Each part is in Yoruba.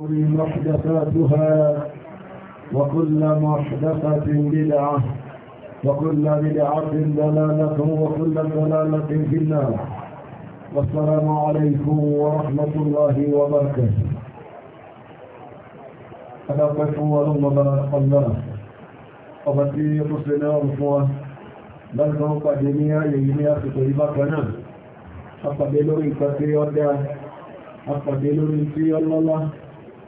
محدثاتها وكل محدثة بدعة وكل بدعة دلالة وكل ضلالة في النار والسلام عليكم ورحمة الله وبركاته أنا أقف ولما الله أبتي رسلنا رفوا بل فوق جميع يجميع كتب كنا أقبلوا إن كثير أقبلوا إن كثير الله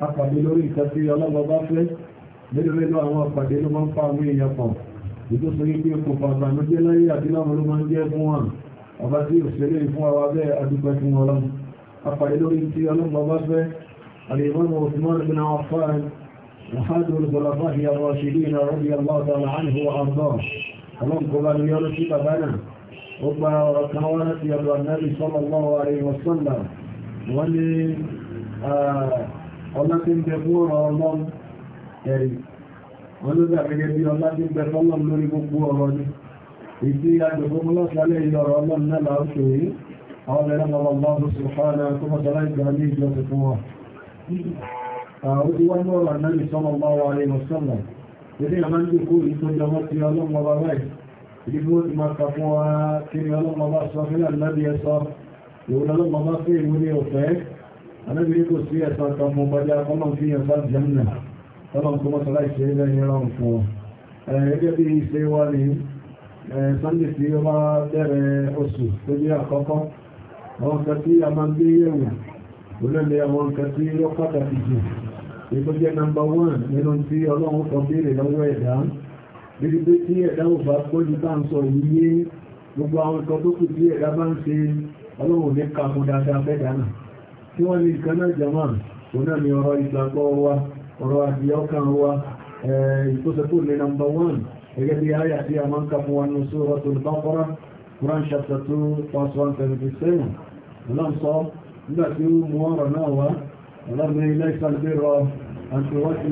apàdé lórí nǹkan tí ọlọ́gbọ́n bá fẹ́ mélòó mélòó àwọn apàdé ló máa ń fa àwọn èèyàn pọ̀ ìtòsọ yìí pé kò fàgbà ló jẹ́ láyé àti láwọn ló máa ń jẹ́ fún wọn ọba tí òṣèré fún wa bẹ́ adúgbẹ́ fún ọlọ́run apàdé lórí tí ọlọ́gbọ́n bá fẹ́ àlèmọ́nà òsùmọ́n bin afáàn محمد الخلفاء الراشدين رضي الله تعالى عنه وارضاه اللهم ọlá tí ń bẹ fún ọ̀rọ̀ ọlọ́run ẹ̀rì wọ́n ló dà gẹ́gẹ́ bí ọlá tí ń bẹ fọ́lọ́run lórí gbogbo ọ̀rọ̀ ni ìdí agbègbè lọ́sàlẹ̀ ìlọ̀rọ̀ ọlọ́run náà là ń ṣe yìí àwọn ẹ̀rọ ọlọ́run sùfàánà tó mọ́sálá ìgbà ní ìjọsìn fún wa àwọn tí wọ́n mọ́rọ̀ náà ní anábi kò sí ẹ̀sọ́ ọkọ̀ ọmọ ọgbọ́já ọlọ́n fi yẹn sáà jẹ́mìnà ọlọ́n kó mọ́sọ̀ láìṣe ilẹ̀ ìran fún ẹgbẹ́ bí iṣẹ́ wá ní sunday tí ó bá bẹ̀rẹ̀ oṣù tó jẹ́ àkọ́kọ́ àwọn nǹkan tí a máa ń gbé yẹ̀wò olóòlé àwọn nǹkan tí ó pàtàkì jù èkó jẹ́ nọmba wọ́n nínú tí ọlọ́run kan béèrè lọ́wọ́ ẹ̀dá bíbi pé tí ẹ̀dá ò bá gbójú bá ń sọ ìyé gbogbo àwọn nǹkan tó kù tí ẹ̀dá bá ń ṣe ọlọ́run ní kàkún dáadáa fẹ́ dáná tí wọ́n ní ìkaná jama ọ̀nà ni ọ̀rọ̀ ìgbàgbọ́ wa ọ̀rọ̀ àdíyọ́kàn wa ìtọ́sẹ̀kù ní nàmbà 1 gẹ́gẹ́ bí ayà tí a máa ń kàfún wa ní Suratul Baqara Quran chapter 2 verse 177 ọlọ́n sọ nígbà tí ó mú ọ̀rọ̀ náà wá ọlọ́mọ ilẹ̀ ìsàlbẹ̀rọ àti wọ́n ti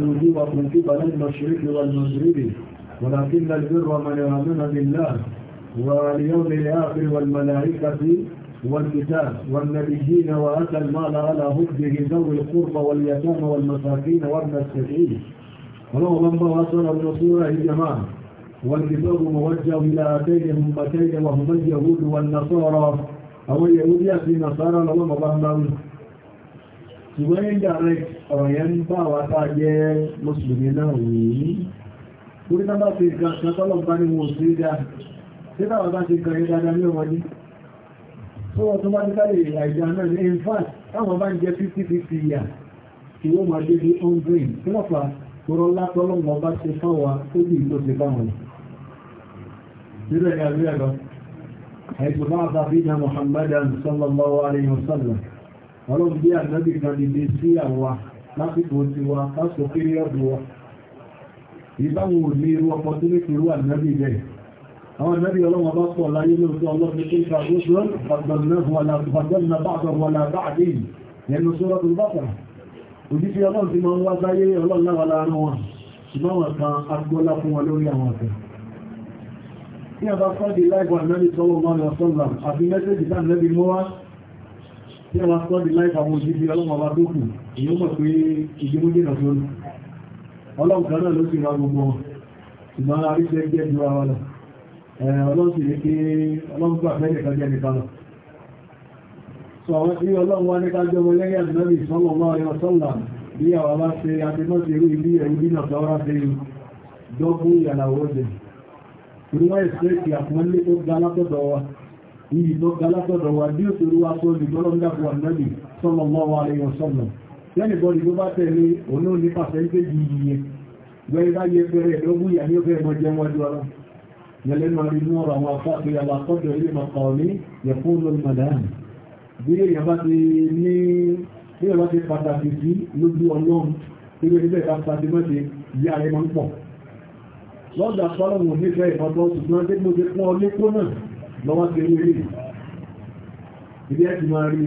rú bí والكتاب والنبيين وأتى المال على هده ذوي القربى واليتامى والمساكين وابن السبيل اللهم من وصل النصور الجماعة والكتاب موجه إلى أتين أمتين وهما اليهود والنصارى أو اليهود يأتي النصارى اللهم ظهرهم ṣùgbọ́n ní direct ọ̀rọ̀ yẹn ń bá wa tá jẹ́ mùsùlùmí náà wìí torí náà bá tó wọ́n tó àìjọ náà ní in fact táwọn bá ń jẹ 50-50 ìyà tí ó máa débi 100 tí wọ́n fa tọrọ látọ́lọ́wọ́ bá ṣe fáwa tó bí ìlú ṣe fáwọn nílẹ̀ ní àríyá lọ àìjọ Muhammadan sallallahu alayhi wa sallam ọlọ́run bí ànábì kan dìde sí àwa lásìkò tiwa lásìkò píríọ̀dù wa ìbáwọn ò ní irú irú ànábì bẹ́ẹ̀ àwọn ìmẹ́bí ọlọ́wọ́ bá pọ̀ láyé lóòtọ́ ọlọ́rin tí ìfà rúṣùn fàgbọ̀nà bàbà wọlá bàbí nínú sọ́rọ̀ tó bàbà òjísí ọlọ́rin tí ma ń wá sáyé ọlọ́rin lára wọn ṣùgbọ́n wọn kan agbọ́lá fún wọn lórí àwọn ọ̀fẹ́ tí a bá sọ́dì láìpọ̀ àmẹ́bí sọ́wọ́ mọ́rin ọ̀sọ́lá àbí mẹ́sẹ̀jì tá àmẹ́bí mọ́wá tí a bá sọ́dì láìpọ̀ àwọn òjísí ọlọ́wọ́ bá dókù èyí mọ̀ pé ìgbémúdé nà tó ọlọ́run kan náà ló sì ra gbogbo ìgbọ́n ọlọ́sì ní pé ọlọ́gbà fẹ́lẹ̀ kan jẹ́ nìkan lọ. sọ àwọn tí ọlọ́run wá ní kájọ ọmọ lẹ́yìn àdínábì sọ́lọ̀ máa yọ sọ́là bí àwọn bá ṣe àtẹ́mọ́sí irú ibi ẹ̀rú bí náà sọ́ra ṣe dọ́gbù ìyànàwó jẹ. ìrúwá ìṣẹ́kì àpọ́nlé tó ga látọ̀dọ̀ wa iyì tó ga látọ̀dọ̀ wa bí òṣèlú wa sọ olùgbọ́lọ́ ńdàkù àdínábì sọ́lọ̀ mọ́ wa lè yọ sọ́lọ̀ lẹ́nì bọ́ọ̀lì tó bá tẹ̀lé òun ní pàṣẹ lẹ́lẹ́mà rí ní ọ̀rọ̀ àwọn afáàfẹ́ alákọ́jọ ilé mọ̀kà ọ̀lé yẹ̀kún lórí màdáàmì bí èyàn bá ti ní bí èyàn bá ti pàtàkì sí lójú ọlọ́run tí ó ilé ìpàtà ti mọ́ ti yá rẹ̀ máa ń pọ̀ lọ́dà sọ́lọ́mù nífẹ̀ẹ́ ìfọ́tọ́ ṣùgbọ́n tí mo ti pọ́n ọ lépo náà lọ́wọ́ ti rí rí ibi ẹ̀ ti máa rí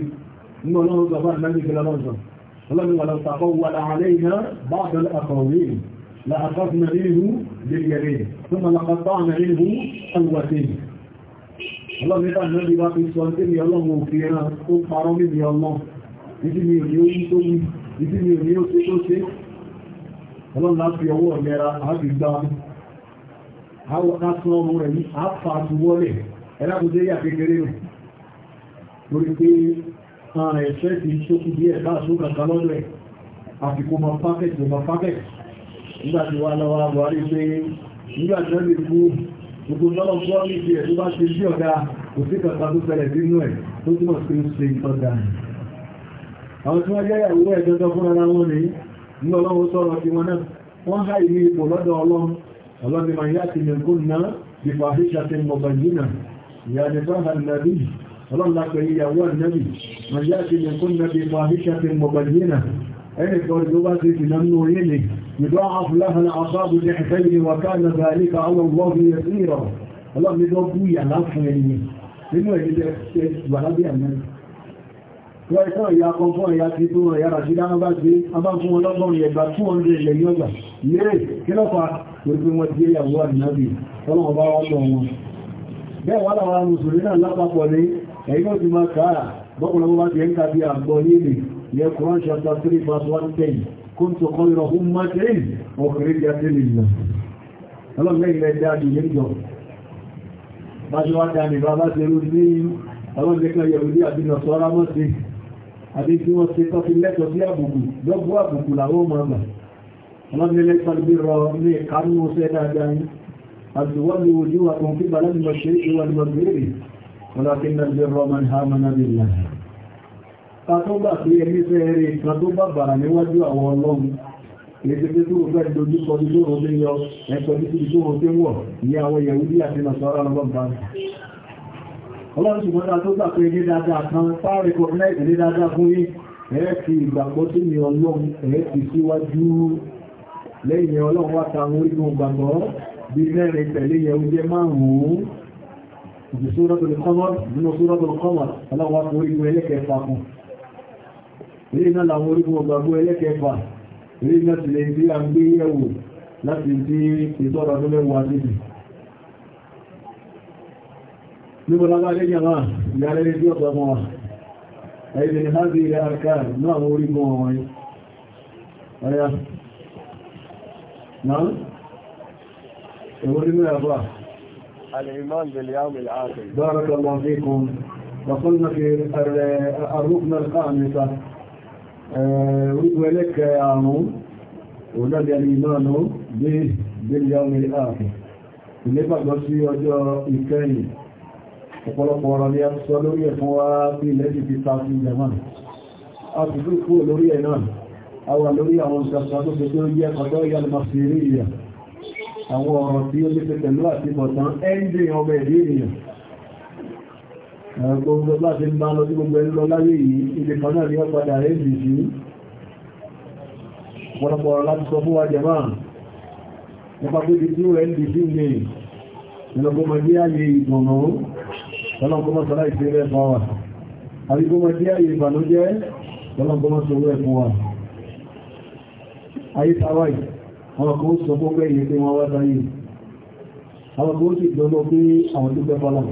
nínú ọlọ́run bàbá لأخذنا منه باليمين ثم لقطعنا منه الوتين الله nípa ìrìnàbí bá fi sọ tí ni ọlọ́run òfin ẹran tó parọ́ mímí ọlọ́run ìdí mi ò ní ó yí tó mú ìdí mi ò ní ó ṣe tó ṣe ọlọ́run láti ọwọ́ ọ̀lẹ́ra àti gbá àtún ọmọ rẹ̀ ní àfàtúwọ́lẹ̀ ẹlákùnjẹ́ yà kékeré rẹ̀ lórí pé ààrẹ̀ ẹ̀ṣẹ́ ti ṣókù díẹ̀ káàṣó kàkà nígbàtí wà lọ́wọ́ àwárí pé nígbàtí wọ́n lè kú gbogbo lọ́wọ́ fọ́ ní ti ẹ̀ tó bá ṣe sí ọ̀gá kò sí kàkà tó fẹ́lẹ̀ nínú ẹ̀ tó túnmọ̀ sí ó ṣe ọ̀gá àwọn tí wọ́n jẹ́ ìyàwó ẹ̀ fún ni ní ọlọ́run sọ̀rọ̀ sí wọn náà wọ́n há ìlú ipò lọ́dọ̀ ọlọ́run ọlọ́run ma yá ti mẹ́kún náà bí fàáṣíṣà ti mọ̀ bàjínà ìyá ni bá hàn lápẹ̀ ìyàwó ànàbí ma yá ti mẹ́kún náà bí fàáṣíṣà ẹnìkan tó bá ti ti lọ́nà orílẹ̀ ìdọ́ afúláhàn àbábù ní ẹ̀fẹ́lẹ̀ wà káàlà bàálíkà àwọn gbọ́gbì ẹ̀sìn ìrọ̀ ọlọ́mìdọ́ bú ìyàlá fún ẹni nínú ẹ̀yí tẹ́ wà lábẹ́ àmì wọ́n ìtọ́ ìyá kan fún ẹ̀yà ti tó ẹ̀yà ràṣí dáná bá gbé abá fún ọlọ́gbọ̀n ẹgbà 200 ilẹ̀ ní ọgbà yẹ́rẹ̀ kí lọ́pàá gbogbo wọn ti yàwó àdínábì ọlọ́wọ́ bá wọ́n lọ wọn bẹ́ẹ̀ wà láwọn mùsùlùmí náà lápapọ̀ ní ẹ̀yìn ó ti máa kàá bọ́kùnrin bá ti ń kàbí àgbọ̀ nílé yẹ Quran chapter 3 verse 110 kuntu khayra ummatin ukhrijat lin-nas ọlọ́run ilẹ̀ dáadì lẹ́jọ́ bá ṣe wá dáadì bàbá ṣe rú ní ọlọ́run yẹ̀rùdí àti nọ̀sọ́rá mọ́ sí àti tí wọ́n ṣe tọ́fi lẹ́tọ̀ sí àbùkù lọ́gbọ́ àbùkù làwọn ọmọ àgbà ọlọ́run ilẹ̀ pàdé rọ ní ìkánú ṣẹ́ dáadáa yìí àdùwọ́lù ojú wa kò ń fi bàlá ní mọ̀ṣẹ́ ìwà ní mọ̀ṣẹ́ ta tó gbà pé ẹni fẹ́ rẹ̀ nǹkan tó bá bàrà níwájú àwọn ọlọ́run èsì pé tó gbẹ́ dojú kọ ní lóòrò ní yọ ẹ̀kọ́ ní síbi tóòrò tí wọ̀ ní àwọn yẹ̀wúdí àti nàṣọ́rọ̀ ọlọ́gbà ọlọ́run ṣùgbọ́n ta tó gbà pé ní dáadáa kan fáà rẹ̀kọ̀ọ́nẹ́ẹ̀kì ní dáadáa fún yí ẹ̀ẹ́fì ìgbàgbọ́ tí ni ọlọ́run ẹ̀ẹ́fì síwájú lẹ́yìn ọlọ́run wá ta orí mú gbàgbọ́ bí mẹ́rin tẹ̀lé yẹ oúnjẹ márùn-ún ìdí Suratul Qamar nínú Suratul Qamar ọlọ́run wá ta orí mú ẹlẹ́kẹ̀ẹ́fà fún iná làwọn orígun ọgbàgbó ẹlẹ́kẹfà rí láti lè tí a ń gbé yẹ̀wò láti tí ìtọ́ra tó lẹ́wọ́ àdébì nígbàlágbà lẹ́yìn àmà ìyàrẹ́rẹ́ tí ọ̀pọ̀ ọmọ ẹ̀yìn ìhàzí ilẹ̀ àkà náà àwọn orígun ọ̀wọ̀n ọ̀yá náà ẹ̀wọ́n ní àbá الإيمان باليوم الآخر بارك الله فيكم وصلنا في الركن الخامسة orígun eh, ẹlẹ́kẹ àrùn òdádẹ́ni ìmọ̀nà dé délé ọmọ ìhàfẹ́ ìlébàgbọ́ sí ọjọ́ ìkẹyìn ọ̀pọ̀lọpọ̀ ọ̀rọ̀ ni a sọ lórí ẹ̀ fún wa bí ilẹ̀ ti a ti tó kúrò lórí ẹ̀ a wà lórí àwọn ìjọsọ tó fi tó yẹ ọjọ́ ìyàlùmọ̀ sí rí ìyà àwọn ọ̀rọ̀ tí ó lé pẹ̀lú àti bọ̀tán ẹ́ ń dè ọmọ ìdí ènìyàn gbogbo bá ti ń bá lọ sí gbogbo ẹni lọ láyé yìí ilé kan náà ní ọ̀padà rẹ̀ lè sí pọ̀lọpọ̀ láti sọ fún wa jẹ̀má nípa pé ti tí ó rẹ̀ lè sí ilé ìlọ́gbọ́mọ jẹ́ àyè ìgbọ̀nà ọlọ́gbọ́mọ sọ́lá ìṣe rẹ̀ fún wa àrígbọ́mọ jẹ́ àyè ìbànújẹ́ ọlọ́gbọ́mọ sọ́lá rẹ̀ fún wa ayé tàwáì àwọn kan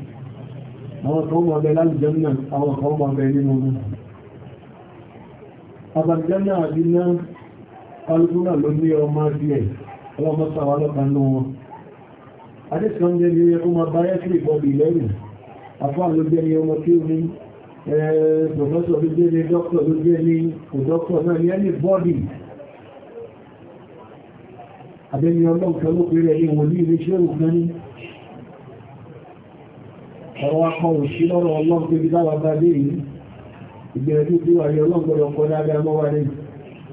àwọn kan mọ̀ bẹ lálùjẹ́nà àwọn kan mọ̀ bẹ nínú ọdún àbàjẹ́nà àdínà alùgbùnà ló ní ọmọ díẹ̀ ọlọ́mọ́sáwà lọ́ta ní wọn adéṣkan jẹ́ ní ọmọ báyẹ́ sí ìbọ̀bì lẹ́rù àfáà ló jẹ́ ní ọmọ tí ó ní pòfẹ́sọ̀ ló jẹ́ ní dọ́kítọ̀ ló jẹ́ ní òdọ́kítọ̀ náà ní ẹni bọ́dì ẹ̀wọ̀n akọ òṣì lọ́rọ̀ ọlọ́run pé bíbá wa bá dé yìí ìgbìyànjú tí wà ní ọlọ́gbọ̀dọ̀ kọ dáadáa mọ́ wa ní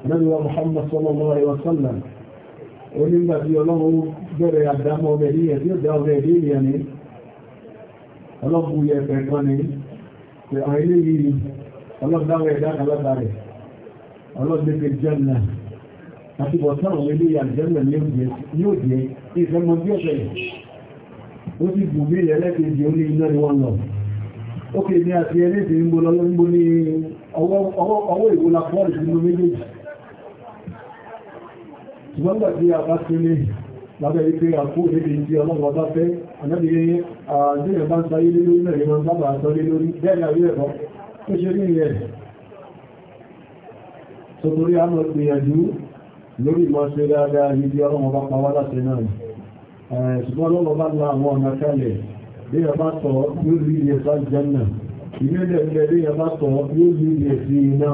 ọlọ́run Muhammad sallallahu alaihi wa sallam onígbà tí ọlọ́run bẹ̀rẹ̀ àdámọ́ ọmọ ẹ̀dí ẹ̀dí ọ̀dá ọmọ ẹ̀dí ìyẹn ni ọlọ́gbù yẹ ẹ̀fẹ̀ kan ni àwọn ilé yìí ọlọ́gbàwọ̀ ẹ̀dá kalábà rẹ̀ ọlọ́gbẹ̀gbẹ̀ jẹ́nà àti bọ̀tán àwọn ilé yà jẹ́nà ní òjẹ́ ìfẹ́mọ́ bí ọ̀sẹ̀ ó sì gùn bí ẹlẹ́kẹ̀ẹ́jì ó ní iná ni wọ́n lọ ókè ní àti ẹlẹ́sì ń bó lọ́lọ́ ń bó ní ọwọ́ ìwò la fọ́ọ̀lù sí inú méjèèjì ṣùgbọ́n gbà tí a bá sí ní lábẹ́ wípé àkó òdébì tí ọlọ́run bá fẹ́ ànábì lórí ni àwí ẹ̀kọ́ ó ṣe rí ìyẹn sọ torí àmọ́ gbìyànjú lórí ìmọ̀ ṣe dáadáa ibi ọlọ́run bá pa wá láti náà Eh, ṣùgbọ́n lọ́wọ́ bá lọ àwọn ọ̀nà kalẹ̀ bí ẹ bá tọ̀ yóò rí ilé sá jẹ́nà ìmẹ́lẹ̀ ilẹ̀ bí ẹ bá tọ̀ yóò rí ilé sí iná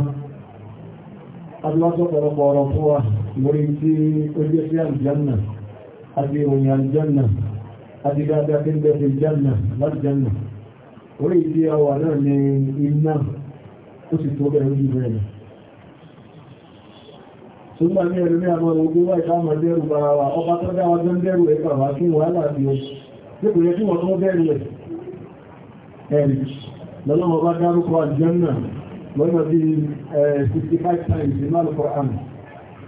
adúlásọ̀pọ̀lọpọ̀ ọ̀rọ̀ fún wa lórí tí ó jẹ́ sí àjẹ́nà àti ìròyìn àjẹ́nà àti dáadáa tí Súnmọ́ ní ẹ̀rù ní àmọ́ ogun wá ìtàmà dẹ́rù bara wa, ọba tó dáwà jẹ́ dẹ́rù ẹ̀kọ́ àwọn kí wọ́n láti ẹ̀. Dípò yẹ kí wọ́n tó dẹ́rù ẹ̀. Ẹ̀rì, lọ́lọ́mọ bá dárúkọ àjẹ́nà lọ́nà bí 65 times ní máa lọ́kọ̀ àmì.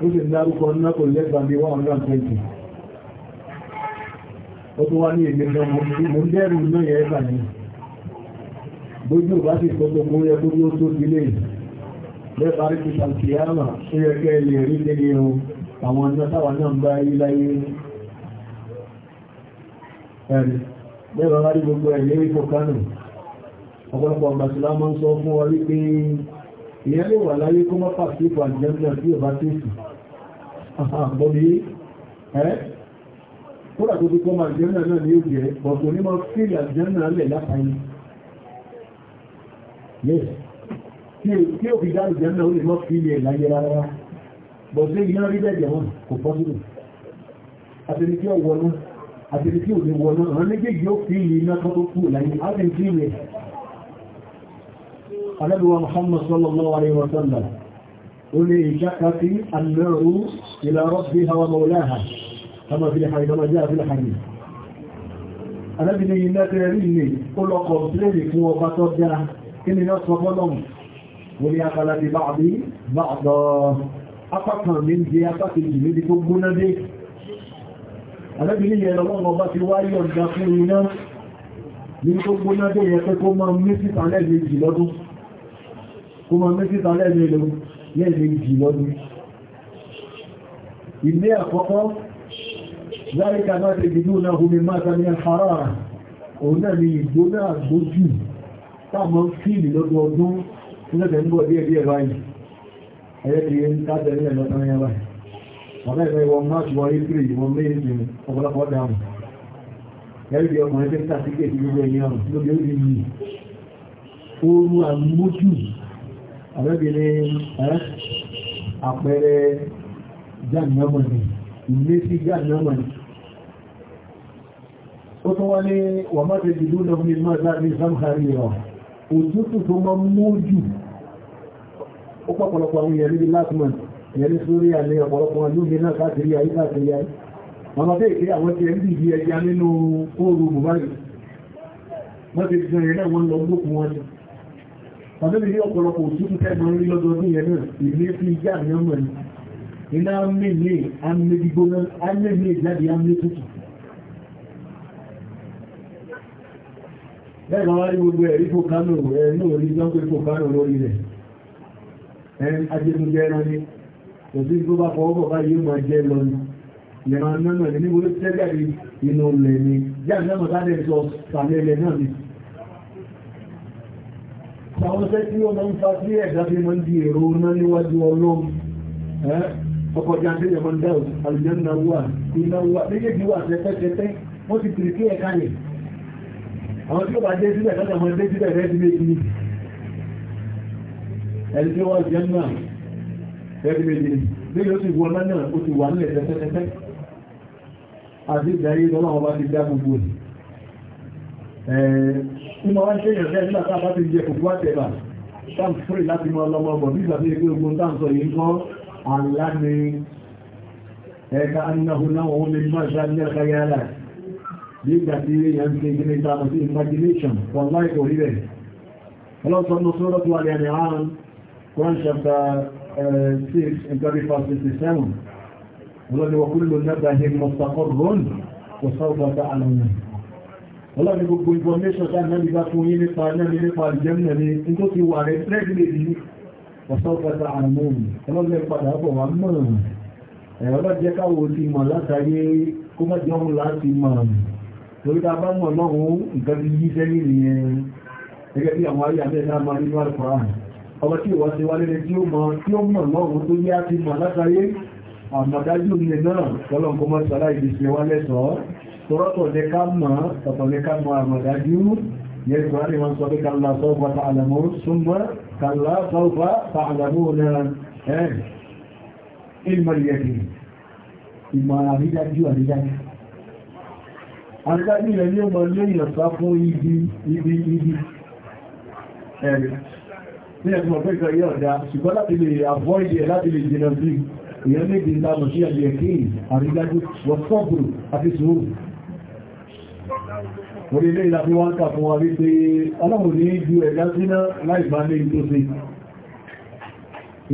Ó sì dárúkọ náà kò lẹ́gbàá bí 120. Ó tún wá ní èdè náà, mo dẹ́rù náà yẹ ẹ̀kà lẹ́fàárí ti ṣàtìyàmà tó yẹ kẹ́ lè rí nílé ohun àwọn ọjọ́ táwà náà ń bá rí láyé ẹ̀rì lẹ́fàárí gbogbo ẹ̀ lérí fòkánù ọ̀pọ̀lọpọ̀ ọ̀gbàṣìlá máa ń sọ fún wa wípé ìyẹn lè wà láyé kó mọ́ pàṣípò àjẹ́mìnà tí ò bá tèsì àbọ̀bí ẹ́ kódà tó fi kọ́mọ àjẹ́mìnà náà ní òjẹ́ bọ̀gbọ̀n ní mọ́ fíìlì àjẹ́mìnà lẹ̀ lápáyé tí ó fi dá ìjẹ́ náà ó lè mọ́ fi ilẹ̀ láyé rárá bọ̀ sí iná rí bẹ́ẹ̀ jẹ̀wọ́n kò pọ́ sílù àtẹni tí ó wọnú àtẹni tí ò ní wọnú àwọn méjèèjì ó fi ilẹ̀ iná kan tó kú láyé á sì fi ilẹ̀ alábíwá Muhammad sallallahu alaihi wa sallam ó lè ṣáka sí annáru ila rabbiha wa mawlaha kí ni náà orí apala ti bá àbí bá àtọ́ apákan ní jẹ apákejì níbi tó gbóná dé alábìnrin yẹn lọ́wọ́ ọba ti wáyé ọ̀dá fún iná ní tó gbóná dé yẹ pé kó máa mẹ́sìta lẹ́ẹ̀mejì lọ́dún kó máa mẹ́sìta lẹ́ẹ̀mejì lọ́dún ilé àkọ́kọ́ láríkà máa ti dìdú náà omi máa ta ní àfárá òun náà ni ìgbóná àgbójú táàmọ́ fíìlì lọ́dún ọdún nílẹ̀ ń bọ̀ díẹ̀ díẹ̀ báyìí ẹ̀yẹ́ ti ń tàbí ẹ̀lẹ́ lọ́tọ́ yẹn báyìí ọ̀rẹ́ ìfẹ́ wọn march wọn april wọn may april ọ̀pọ̀lọpọ̀ dáhùn ẹ̀rí bí ọkùnrin tẹ́ tà síkè tí gbogbo ẹ̀yìn ọ̀rùn lóbi ó yìí ooru àmójú ọ̀rẹ́bìnrin ẹ́ àpẹẹrẹ jáàmùnámọ̀nì ìmésí jáàmùnámọ̀nì ó tún wá ní wàmátẹ́jì lónà fún mi máa dáa ní sámkàrí ọ̀rọ̀ òtútù tó máa mú jù ó pọ̀pọ̀lọpọ̀ àwọn èèyàn níbi last month èèyàn ní sórí àlẹ́ ọ̀pọ̀lọpọ̀ wọn lóde náà káàkiri ayé káàkiri ayé wọn bá pé àwọn ti ẹ̀rí ìdí ẹja nínú kóòrò bùbárì wọ́n ti gbọ́n ìrẹ́ wọn lọ gbókun wọn ni wọ́n tó bí ọ̀pọ̀lọpọ̀ òtútù tẹ́gbọ́n rí lọ́dọọdún yẹn náà ìlú fi ìjà àmì ọmọ ni iná amé ní amé gbígbóná amé ní ìjáde amé tútù lẹ́gbà wá ní gbogbo ẹ̀rí fòkánò ẹ̀rí orí jọ́pẹ́ fòkánò lórí rẹ̀ ẹ̀rí ajẹ́gbẹ́ ẹran ní kò sí tó bá fọwọ́ bá yíò máa jẹ́ lọ ní ìran náà ní níbo tẹ́gbẹ̀rí inú ilẹ̀ ni jáàmù tálẹ̀ sọ sàlẹ̀lẹ̀ náà ni àwọn ṣẹ́ tí ó máa ń fa sí ẹ̀dá fi máa ń di èrò náà níwájú ọlọ́run ọkọ̀ jáde ẹ̀mọ́ dáwọ̀ àlùjẹ́ náà wà nígbèjì wà tẹ́tẹ́tẹ́tẹ́ wọ́n ti tìrì kí ẹ̀ka yẹn àwọn tí ó bá dé síbẹ̀ lọ́dọ̀ mọ́ dé síbẹ̀ rẹ̀ ti méjì ẹni tí wọ́n jẹ́ náà rẹ̀ ti méjì bí ó ti wọ́n náà ó ti wà nílẹ̀ tẹ́tẹ́tẹ́tẹ́ àti ìdáyé lọ́nà ọba ti dá gbogbo ní ma wá ń ṣèyàn rẹ̀ nígbà tá a bá ti jẹ kòkó àtẹ̀bà sam free láti mọ ọlọmọ ọgbọ̀n bí ìgbà tí ó gbogbo tá à ń sọ yìí kọ́ àlá ni ẹ̀ka anáhùn náà wọ́n lè má ṣáà ní ẹ̀ka yálà bí ìgbà tí èèyàn ṣe ìgbìmọ̀ ìtàbí sí imagination for life orí rẹ̀ ọlọ́sọ̀nà sọ́rọ̀ tó wà ní ẹni àárùn Quran chapter 6 and 37 ọlọ́ni wọ́n kúrò lọ́dá hin mustaqarrun kò sọ́rọ̀ bá àlọ́nà ọlọ́ni gbogbo information sáà náà nígbà fún yín nípa náà nípa àjẹ́mìnà ní tó ti mọ̀ látàrí kó mọ́jọ́ láti mọ̀ ọ̀rùn torí ta bá mọ̀ lọ́wọ́ nǹkan bí yí sẹ́yìn nìyẹn gẹ́gẹ́ bí àwọn ayé àbẹ́ náà máa nínú àrùkọ̀rá ọmọ tí ìwọ́n ti wá lẹ́lẹ́ tí ó mọ̀ tí ó mọ̀ lọ́wọ́ tó yá ti mọ̀ látàrí àmọ̀dájú ilẹ̀ náà tọ́lọ̀kọ́ mọ́ sàrá ìgbésẹ̀ wá lẹ́sọ̀ọ́ tọ́rọ́tọ̀ lẹ ká mọ̀ tọ̀tọ̀ lẹ ká mọ̀ àmọ̀dájú yẹ́ ìgbàlè wọn sọ pé ìmọ̀ ìyẹ̀kì ìmọ̀ àrídájú àrídájú àgbájú rẹ̀ ní ọmọ lé ìyànsá fún ibi ibi ibi ẹ̀rẹ̀ ní ẹ̀sùn ọ̀pẹ́ ìkọ̀ yẹ́ ọ̀dá ṣùgbọ́n láti lè avoid ẹ̀ láti lè jìnà sí ìyẹn méjì ìlànà sí ẹ̀lẹ́ ẹ̀kí àrídájú wọ́sọ́bùrù àti sùúrù orí ilé ìlàfí wọ́n kà fún wa wípé ọlọ́run ní ju ẹ̀dá síná láì bá lé tó sí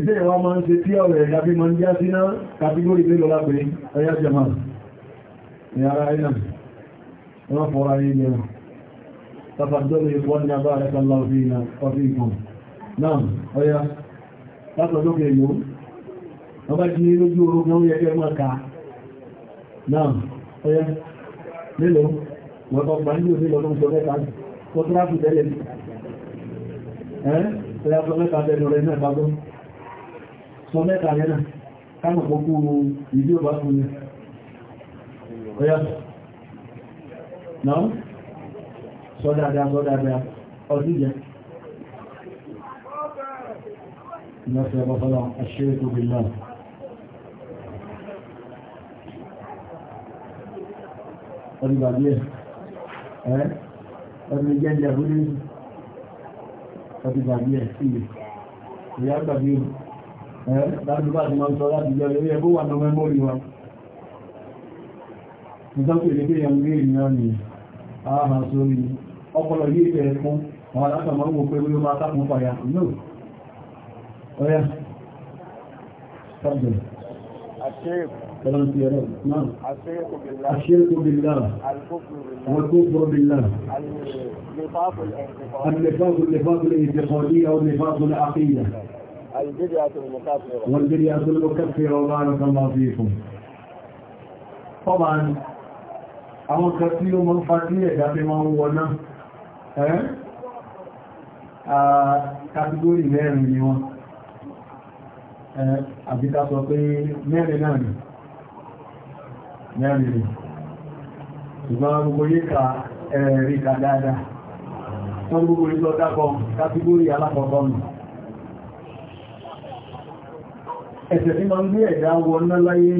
ìdé ìwá máa ń ṣe tí ọ̀rọ̀ ẹ̀dá bí máa ń já síná kàtígórì mélòó lápẹ́ ọyá jẹ máa ní ara ẹ̀nà وغفر علينا تفضلوا إخواننا بارك الله فينا وفيكم نعم ويا تفضلوا كيوم ọba jí ní lójú orogun orí ẹgbẹ́ mọ́ka náà ọyá nílò wọ́pọ̀ gbà ní òní lọ́dún sọ mẹ́ta kọ́tíráàfù tẹ́lẹ̀ ẹ́ ẹ̀yà sọ mẹ́ta tẹ́lẹ̀ rẹ̀ náà gbogbo sọ mẹ́ta rẹ̀ náà kánà pọ̀kú ìdí ọba fún ni ọyá náà sọ dáadáa sọ dáadáa ọdún jẹ نفي بطلع الشرك بالله قريب عليه ها الرجال يهودي قريب عليه فيه ويعبى بيه ها بعد بعد ما انصرات الجاهلية يبوع انه ما يموري وان نظام في الجاهلية يموري يعني àmà sórí ọpọlọ yìí tẹ̀ fún àwọn alásàmọ́ wò pé wíwọ́ máa sápùn fàyà no ọ̀yá sábẹ̀ الشرك بالله والكفر بالله النفاق النفاق الاعتقادي او النفاق العقيده البدعه المكفره والبدعه المكفره بارك الله فيكم طبعا àwọn kan tí ó mọ́ ń fa sí ẹ̀dá fi máa ń wọná kàtígórì mẹ́rin ni wọ́n àbíká sọ pé mẹ́rin náà ni mẹ́rin ni ṣùgbọ́n gbogbo yíká ẹ̀rí ká dáadáa wọ́n gbogbo yíká dákọ kàtígórì alákọ̀ọ́kọ́ nù ẹ̀sẹ̀ tí máa ń gbé ẹ̀dá wọná láyé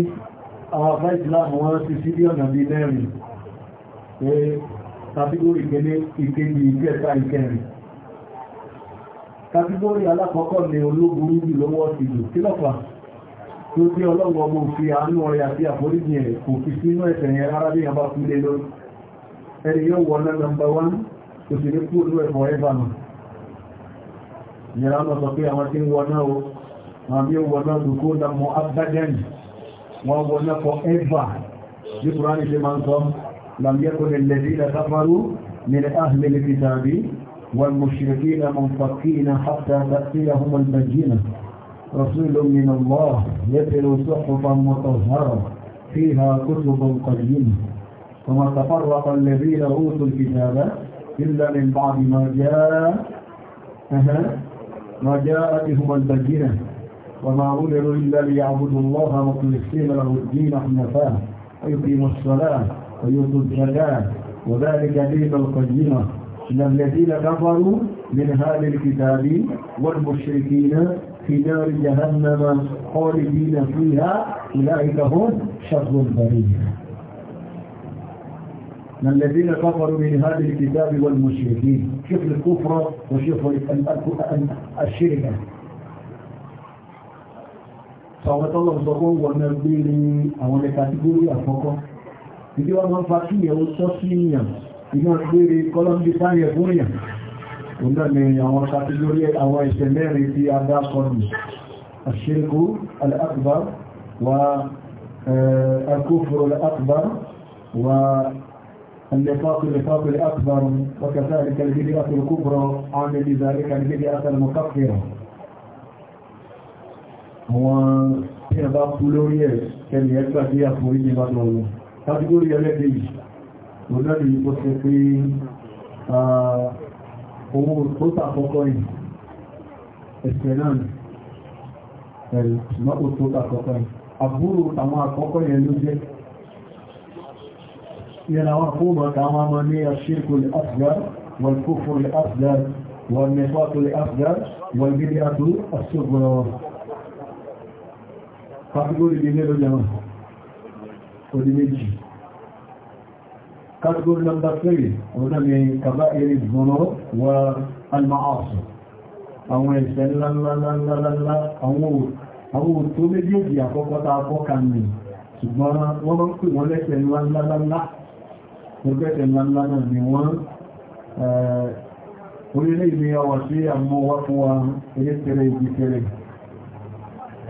àwọn àbá ìsìláàmù wọn ti sí bí ọ̀nà bí mẹ́rin pé kàtígórì ìpele ìkéjì ìkẹta ìkẹrin kàtígórì alákọ̀ọ́kọ́ ni ológun jù lọ́wọ́ ti jù kí lọ́fà tí ó tí ọlọ́gbọ̀n bó fi àánú ọrẹ àti àforíjì ẹ̀ kò fi sínú ẹ̀sẹ̀ yẹn rárá bí yàn bá kú lé lórí ẹni yóò wọ ná nọ́mbà wán kò sì ní kú olú ẹ̀ fọ́ ẹ̀fà nù yẹra lọ sọ pé àwọn tí ń wọ náà o àwọn bí ó wọ náà dùkú ó dàmọ́ abájáyì wọ́n wọ náà fọ́ ẹ̀fà bí kúránì ṣe máa ń sọ لم يكن الذين كفروا من أهل الكتاب والمشركين منفكين حتى تأتيهم البينة رسول من الله يتلو صحفا مطهرا فيها كتب قديمة وما تفرق الذين أوتوا الكتاب إلا من بعد ما جاء ما جاءتهم البينة وما أمروا إلا ليعبدوا الله مخلصين له الدين حنفاء ويقيموا الصلاة ويؤتوا الزكاة وذلك دين القيمة إن الذين كفروا من هذا الكتاب والمشركين في نار جهنم خالدين فيها أولئك هم شر البرية من الذين كفروا من هذا الكتاب والمشركين شوف الكفر وشوف الشركة صلى الله عليه وسلم ونبيني أولي كاتبوني أفوقه ìdí wọ́n máa ń fa kí ìyẹ̀wó tọ́ sí ìyàn iná gbére kọ́lọ́mbí fáyẹ̀ fún ìyàn òǹdà ni àwọn kàtígórí àwọn ìṣẹ̀ mẹ́rin tí a dá kọlù àṣírkú al-akbar wa al-kufru al-akbar wa النفاق النفاق الأكبر وكذلك البدعة الكبرى عامل ذلك البدعة المكفرة هو كان يكبر فيها فوريه kàtígórí ẹlẹ́dẹ̀ yìí olóòrì yìí kó ṣe pé owó tó tàkọ́kọ́ yìí ẹ̀sẹ̀ náà ẹ̀rù mọ́kò tó tàkọ́kọ́ yìí àbúrò àwọn àkọ́kọ́ yẹn ló jẹ́ ينوى قومك أمامني الشرك الأصغر والكفر الأصغر والنفاق الأصغر والبدعة الصغرى فقدوا لي بنير الجماعة orí méjì category number three ọ̀nà mi kàbá eré gbọ́nà wà almaọ́sù àwọn ẹ̀ṣẹ̀ ńláńláńláńlá àwọn òtó méjèèjì àkọ́kọ́ tá a kọ́ kan ní ṣùgbọ́n wọ́n máa ń pè wọ́n lẹ́ṣẹ̀ ńláńláńlá ẹgbẹ́ṣẹ̀ ńláńlá náà ni wọ́n orílẹ̀-èdè ọwọ́ sí àmúwá fún wa eré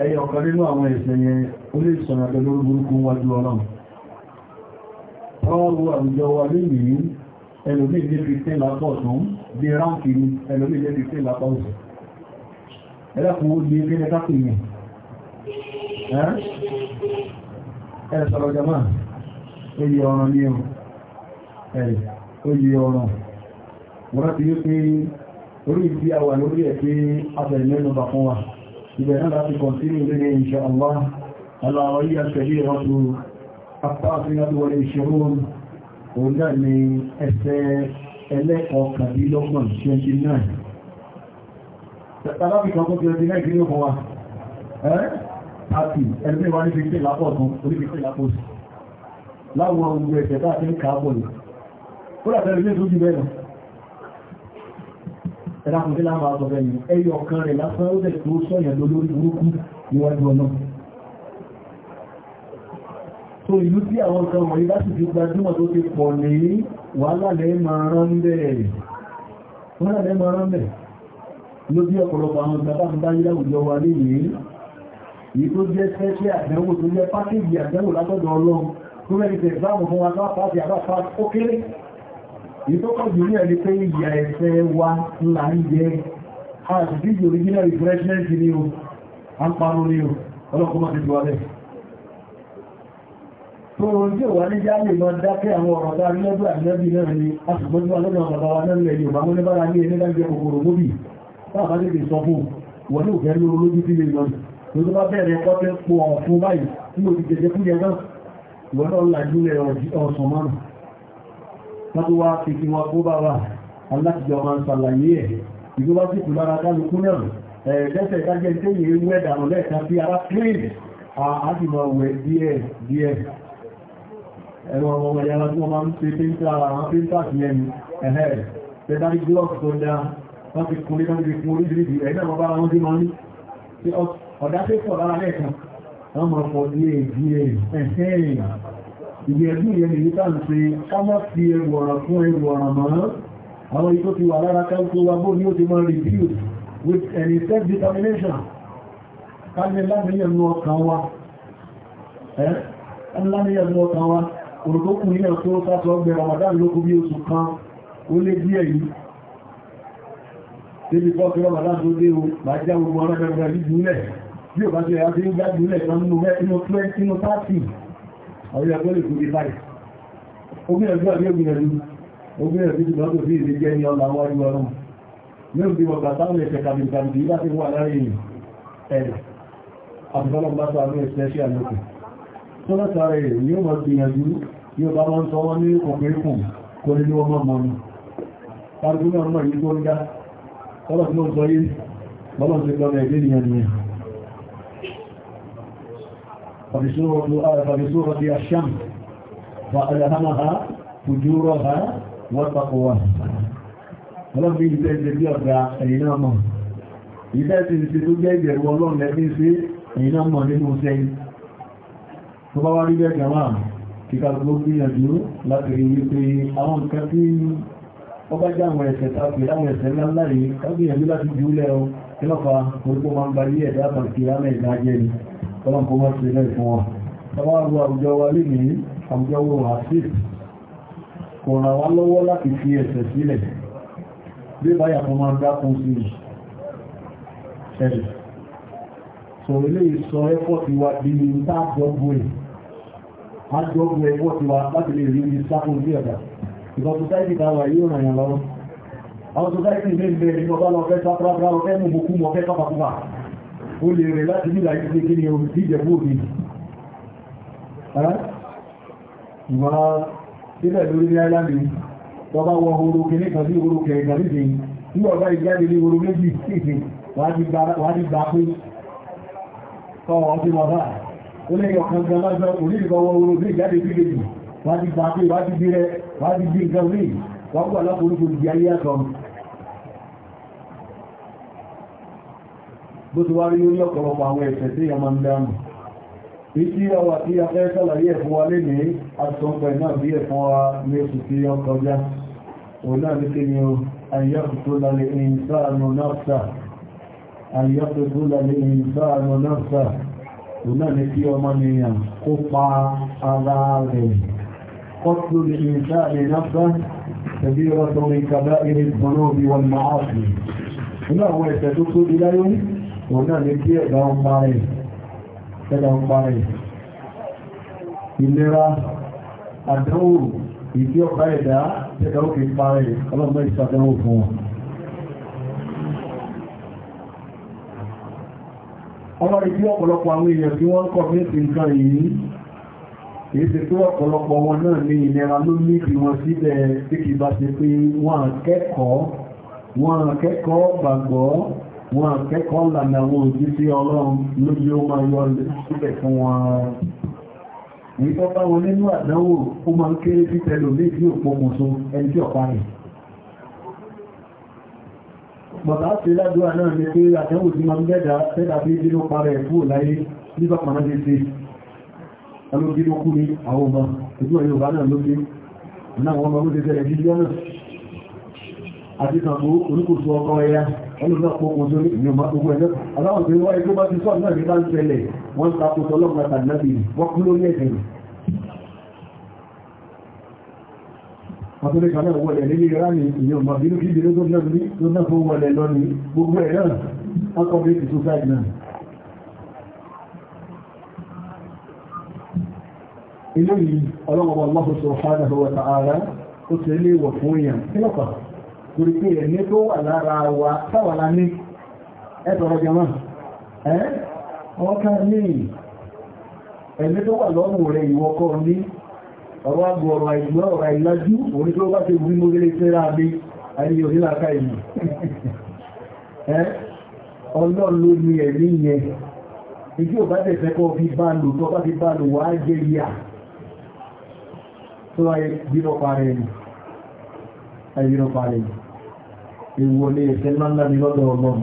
ẹ̀yẹ ọ̀kan nínú àwọn ẹ̀ṣẹ̀ yẹn ó lè sọ̀rọ̀ pẹ̀lú burúkú wájú ọlọ́run wọ́n wo àwùjọ wa lónìí ẹlòmí ilé fi tẹ́ lápọ̀ tún bí ráǹkì ní ẹlòmí ilé fi tẹ́ lápọ̀ ẹlẹ́kùn ó di ẹgbẹ́ kápì yẹn ẹ sọ̀rọ̀ jama oyè ọ̀ràn ní o ẹ̀rẹ̀ oyè ọ̀ràn wọ́n ti yí pé orí إذا أنا continue به إن شاء الله على رأي الكبيرة الطافنة والعشرون من ẹlẹ́kọ̀ọ́ kàbí lọ́gbọ̀n 29 tàbíkọ̀ tó kìrò dínà ìgbìyàn fún wa ẹ́ àti ẹgbẹ́ wa ní fi pé lápọ̀ tún orí fi pé lápọ̀ sí láwọn ogun ẹ̀sẹ̀ tàbí de lá ẹ̀dàkùn sí láàbà àtọ̀bẹ̀ ni ẹyọ kan rẹ̀ lásán ó tẹ̀lé tó sọ́yẹ̀ lórí burúkú níwájú ọ̀nà so ìlú tí àwọn nǹkan wọ̀nyí bá sì ti gbajúmọ̀ tó ti pọ̀ ní wàhálà lẹ́ máa rán bẹ́ẹ̀ wàhálà lẹ́ máa rán bẹ́ẹ̀ ló bí ọ̀pọ̀lọpọ̀ àwọn ìgbàbá ń bá yí láwùjọ wa léyìí yìí tó jẹ́ sẹ́ṣẹ́ àdánwò tó jẹ́ pákéjì àdánwò látọ̀dọ̀ ọlọ́run tó mẹ́rin tẹ̀ ìtọ́kọ̀ jù ní ẹni pé ìyà ẹ̀fẹ́ wa ńlá ń jẹ́ àṣìṣíjì original refreshment ni o a ń parun ni o ọlọ́kùnmọ́ ti jù alẹ́ tó oòrùn tí wà ní jáàlè lọ dákẹ́ àwọn ọ̀rọ̀ dáa lẹ́bù àìlẹ́bì náà ni a sì gbọ́jú alẹ́bì ọ̀rọ̀ wa lẹ́lẹ̀ yóò bá mú ní bára ní ẹni dájẹ́ kòkòrò lóbì láàbá lè sọ fún wọn ní òfẹ́ lóró lójú sí lè lọ tó tó bá bẹ̀rẹ̀ ẹ̀kọ́ tẹ́ pọ̀ ọ̀fún tàbí wá fi fi wọn kó bá wà aláàtìjọ máa ń sàlàyé ẹ̀ ìjọba sì kù lára kálukú náà ẹ̀ẹ́dẹ́sẹ̀ ìdájẹ́ tó yẹ wẹ́ dànù lẹ́ẹ̀kan sí ara clean àti máa wẹ̀ díẹ̀ díẹ̀ ẹ̀rọ ọmọ ọmọ ìyára tí wọ́n máa ń ṣe pínta ara àwọn pínta sí ẹni ẹ̀hẹ́ tẹ́tàrí glọ́ọ̀sì tó dá wọ́n ti kún lékan ti kún oríṣiríṣi ẹ̀dá bàbá wọn dé máa ń ní ọ̀dá tó sọ̀ lára lẹ́ẹ̀kan wọ́n máa fọ díẹ̀ díẹ̀ ẹ̀hẹ́ ìgbé ẹ̀kú yẹ lè níta ń ṣe ọmọ fi ẹrù ọ̀rọ̀ fún ẹrù ọ̀rọ̀ mọ́ àwọn ikó ti wà lára káńtó wa bó ní ó ti máa review with an self determination káàkiri lámìyànú ọkàn wa òrùkókùn ilẹ̀ tó sáàtọ̀ ọgbẹ̀ Ramadan lókú bí oṣù kan ó lé díẹ̀ yìí débi fọ́kí Ramadan tó dé o bá já gbogbo ọ̀rọ̀ ẹgbẹ̀rẹ̀ jùlẹ̀ bí ò bá jẹ́ àti ń gbá jùlẹ̀ kan nínú 30 àwọn ìyàgbọ́ lè kú bí báyìí omi ẹ̀gbẹ́ àbí omi ẹ̀lú omi ẹ̀gbẹ́ ti lọ́dọ̀ sí ìdíjẹ́ ní ọlà wáyé ọlọ́run yóò bí wọ̀gbà táwọn ẹ̀ṣẹ̀ kàbìkàbìkì láti wà láàrin ẹ̀rẹ̀ àbúgbọ́lọ́gbọ́n bá sọ àwọn ẹ̀ṣẹ̀ ṣe àlọ́kù tó látàrí rẹ̀ yóò mọ̀ gbìyànjú yóò bá wọ́n sọ wọ́n ní ọ̀pẹ́kùn kò nínú ọmọ mọ́nu tàbí ọmọ yìí tó ń dá ọlọ́pùn sọ yìí bọ́lọ̀ sí lọ́nà ẹ̀dẹ́ فبسورة الشمس فألهمها فجورها وتقواها ọlọ́run bí ìfẹ́ ìṣẹ́ bí ọ̀gá ẹ̀yìn náà mọ̀ ìfẹ́ ti ṣe tó jẹ́ ìbẹ̀rù ọlọ́run lẹ́bí sí ẹ̀yìn náà mọ̀ nínú sẹ́yìn tó bá wá rí bẹ́ẹ̀ gàmà kíkà tó gbìyànjú láti rí wípé àwọn nǹkan tí ó bá já àwọn ẹ̀ṣẹ̀ tàbí àwọn ẹ̀ṣẹ̀ ńláńlá yìí ká gbìyànjú láti jùlẹ̀ ọ kọ́lọ́n kó mọ́ sí ilẹ̀ fún wọn tọ́wọ́ àwọn àwùjọ wa lè ní àwùjọ wo àṣíf kò ràn wá lọ́wọ́ láti fi ẹ̀sẹ̀ sílẹ̀ bí báyà kan máa dákun sí ẹ̀rẹ̀ sọ ilé ìsọ ẹ̀fọ́ ti wa di ní táàjọ́gbò ẹ̀ àjọ́gbò ẹ̀fọ́ ti wa láti lè rí ní sáfún sí ẹ̀dà ìbọn society tàwà yóò ràn yàn lọ́wọ́ àwọn society ilé ìgbẹ̀rẹ̀ ìgbọ̀bá lọ fẹ́ sáfúráfúrá ó lè rẹ̀ láti bí láti pé kí ni omi tí ìjẹ̀bú òbí ìwà sílẹ̀ lórí ní áìlàndì tọba wọ oró kìíní kan sí oró kẹrin kan nídìí tí ọba ìjáde ní oró méjì síkì wà ní gbà pé ọwọ́ ọdí wọ́n bá ó lè yọ kan gan lọ́jọ́ onílùkọwọ́ oró ní ìjáde sí kejì wà ní gbà pé wà ní gbé rẹ wà ní gbé nǹkan rí wọ́n wà lọ́pọ̀ orúkọ ìdí ayé àtọ́run bó ti wá rí orí ọ̀pọ̀lọpọ̀ àwọn ẹ̀ṣẹ̀ tí a máa ń dáàmù ìtí ọwà tí a fẹ́ sàlàyé ẹ̀fún wa lè ní àtọ́pẹ̀ náà bí ẹ̀fún wa ní oṣù tí ó kọjá òun náà ní kí ni o àyẹ́kùtò lálẹ́ ìsáàmù náà àyẹ́kùtò lálẹ́ ìsáàmù náà òun náà ní kí ọmọ nìyàn kó pa ara rẹ̀ kọ́tù lè ìsáàmù náà tẹ̀bí ọ̀tọ̀ ìkàbá ìrìn òun náà ní kí ẹ̀dá ń bá rẹ̀ ẹ̀dá ń bá rẹ̀ ìlera àdánwò ìdí ọ̀pá ẹ̀dá ẹ̀dá ó kì í pa rẹ̀ ọlọ́mọ ìṣàdánwò fún wọn ọlọ́rí tí ọ̀pọ̀lọpọ̀ àwọn èèyàn tí wọ́n kọ̀ méjì nǹkan yìí èyí ti tó ọ̀pọ̀lọpọ̀ wọn náà ní ìlera ló ní kí wọ́n síbẹ̀ tí kì bá ṣe pé wọ́n kẹ́kọ̀ọ́ wọ́n kẹ́kọ̀ọ́ gbàgbọ́ wọn akẹ́kọ̀ọ́ lànà àwọn òjí sí ọlọ́run lójú ó máa yọ sílẹ̀ fún wọn ìtọ́ bá wọn nínú àdánwò ó máa ń kéré sí tẹ́lò méjì òpó mọ̀só ẹni tí ọ̀pá rẹ̀ bọ̀tá ṣe ládùúrà náà ni pé àdánwò tí máa ń gẹ́dà tẹ́dà bí dínú parẹ̀ fún òláyé nígbà kan náà ṣe ẹlógínú kú ní àwọn ọmọ ìgbà Yorùbá náà ló gbé náà wọn ọmọ ló ṣe àti ìtàkù oníkùsù ọkọ̀ ẹ̀yà ẹlùmọ́pọ̀ ojú ìyọ̀mọ́ ogun ẹ̀lẹ́ aláwọ̀ tí wọ́n ẹgbẹ́ bá ti sọ́ọ̀ náà ní bá ń tẹ́lẹ̀ wọ́n ń takò tọ́lọ́mọ́ tàbí wọ́n kú ọdún kan gbogbo ẹ̀ ilé yìí ọlọ́mọ̀bọ̀ Allah subhanahu wa ta'ala ó ti lé wọ̀ fún èèyàn kí lọ́pàá torí pé ẹ̀mí tó wà lára wa sáwàlá ní ẹ̀tọ̀rọ̀ jẹmọ́ ẹ́ ọkà ní ẹ̀mí tó wà lọ́rùn rẹ̀ ìwọ́kọ́ ní ọ̀rọ̀ agbò ọ̀rọ̀ àìgbọ́ ọ̀rọ̀ àìlájú orí tó bá ti wí mórí lẹ́sẹ̀rá bí ayé orílẹ̀-àká ìlú ẹ́ ọlọ́run ló ní ẹ̀mí yẹn ìdí ò bá tẹ̀fẹ́ kọ́ fi bá lò tó bá fi bá lò wá jẹ́ yà tó ẹ̀yìn ọ̀pá rẹ̀ èwò ní ẹ̀ṣẹ̀ ńlá ní lọ́dọ̀ ọlọ́run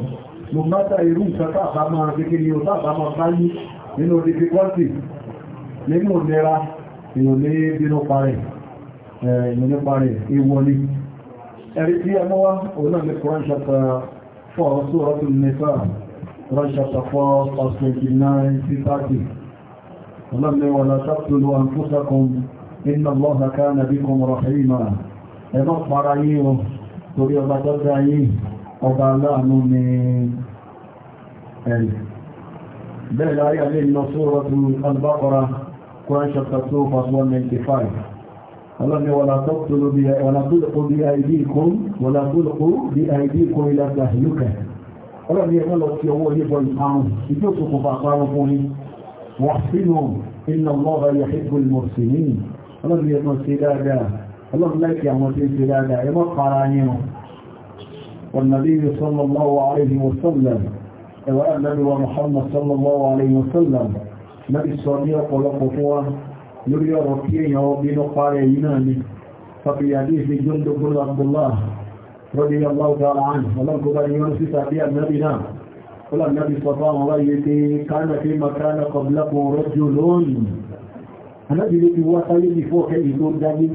mo bá ta irú nǹkan tàbá máa kékeré ní ọ̀tá àbá máa sáyé nínú difficulty nínú ìlera èwò ní bínú parẹ̀ èwò ní parẹ̀ èwò ní ẹ̀rí tí a mọ́ wá òun náà Quran chapter 4 Suratul Nisa Quran chapter 4 verse 29 to 30 ọlọ́run ni wọ́n la taqtulu الله كان بكم رحيما ẹ̀mọ́ para yí o torí ọba dọ́gbà yí ọba aláàánú ni ẹ̀rì bẹ́ẹ̀ láyé alẹ́ ìlọ 195 ọlọ́ni wọ́la tó bí àìdí ìkún wọ́la tó lọ́kọ́ bí àìdí ìkún ilẹ̀ àtàhìlúkẹ̀ ọlọ́ni ẹ̀mọ́ lọ sí ọwọ́ yíbọn àrùn ìjọ́ òṣùpá parọ́ fún ni wà sínú ọlọ́run láìkí àwọn tí ń ṣe والنبي صلى الله عليه وسلم النبي محمد صلى الله عليه وسلم نبي الصديق ولقفوه يريد ركيه وبين قال ينامي ففي حديث جند بن عبد الله رضي الله تعالى عنه ولم تبني يونس في النبي نام قال النبي صلى الله عليه وسلم كان في مكان قبلكم رجل النبي الذي هو خليل فوق يدور دليل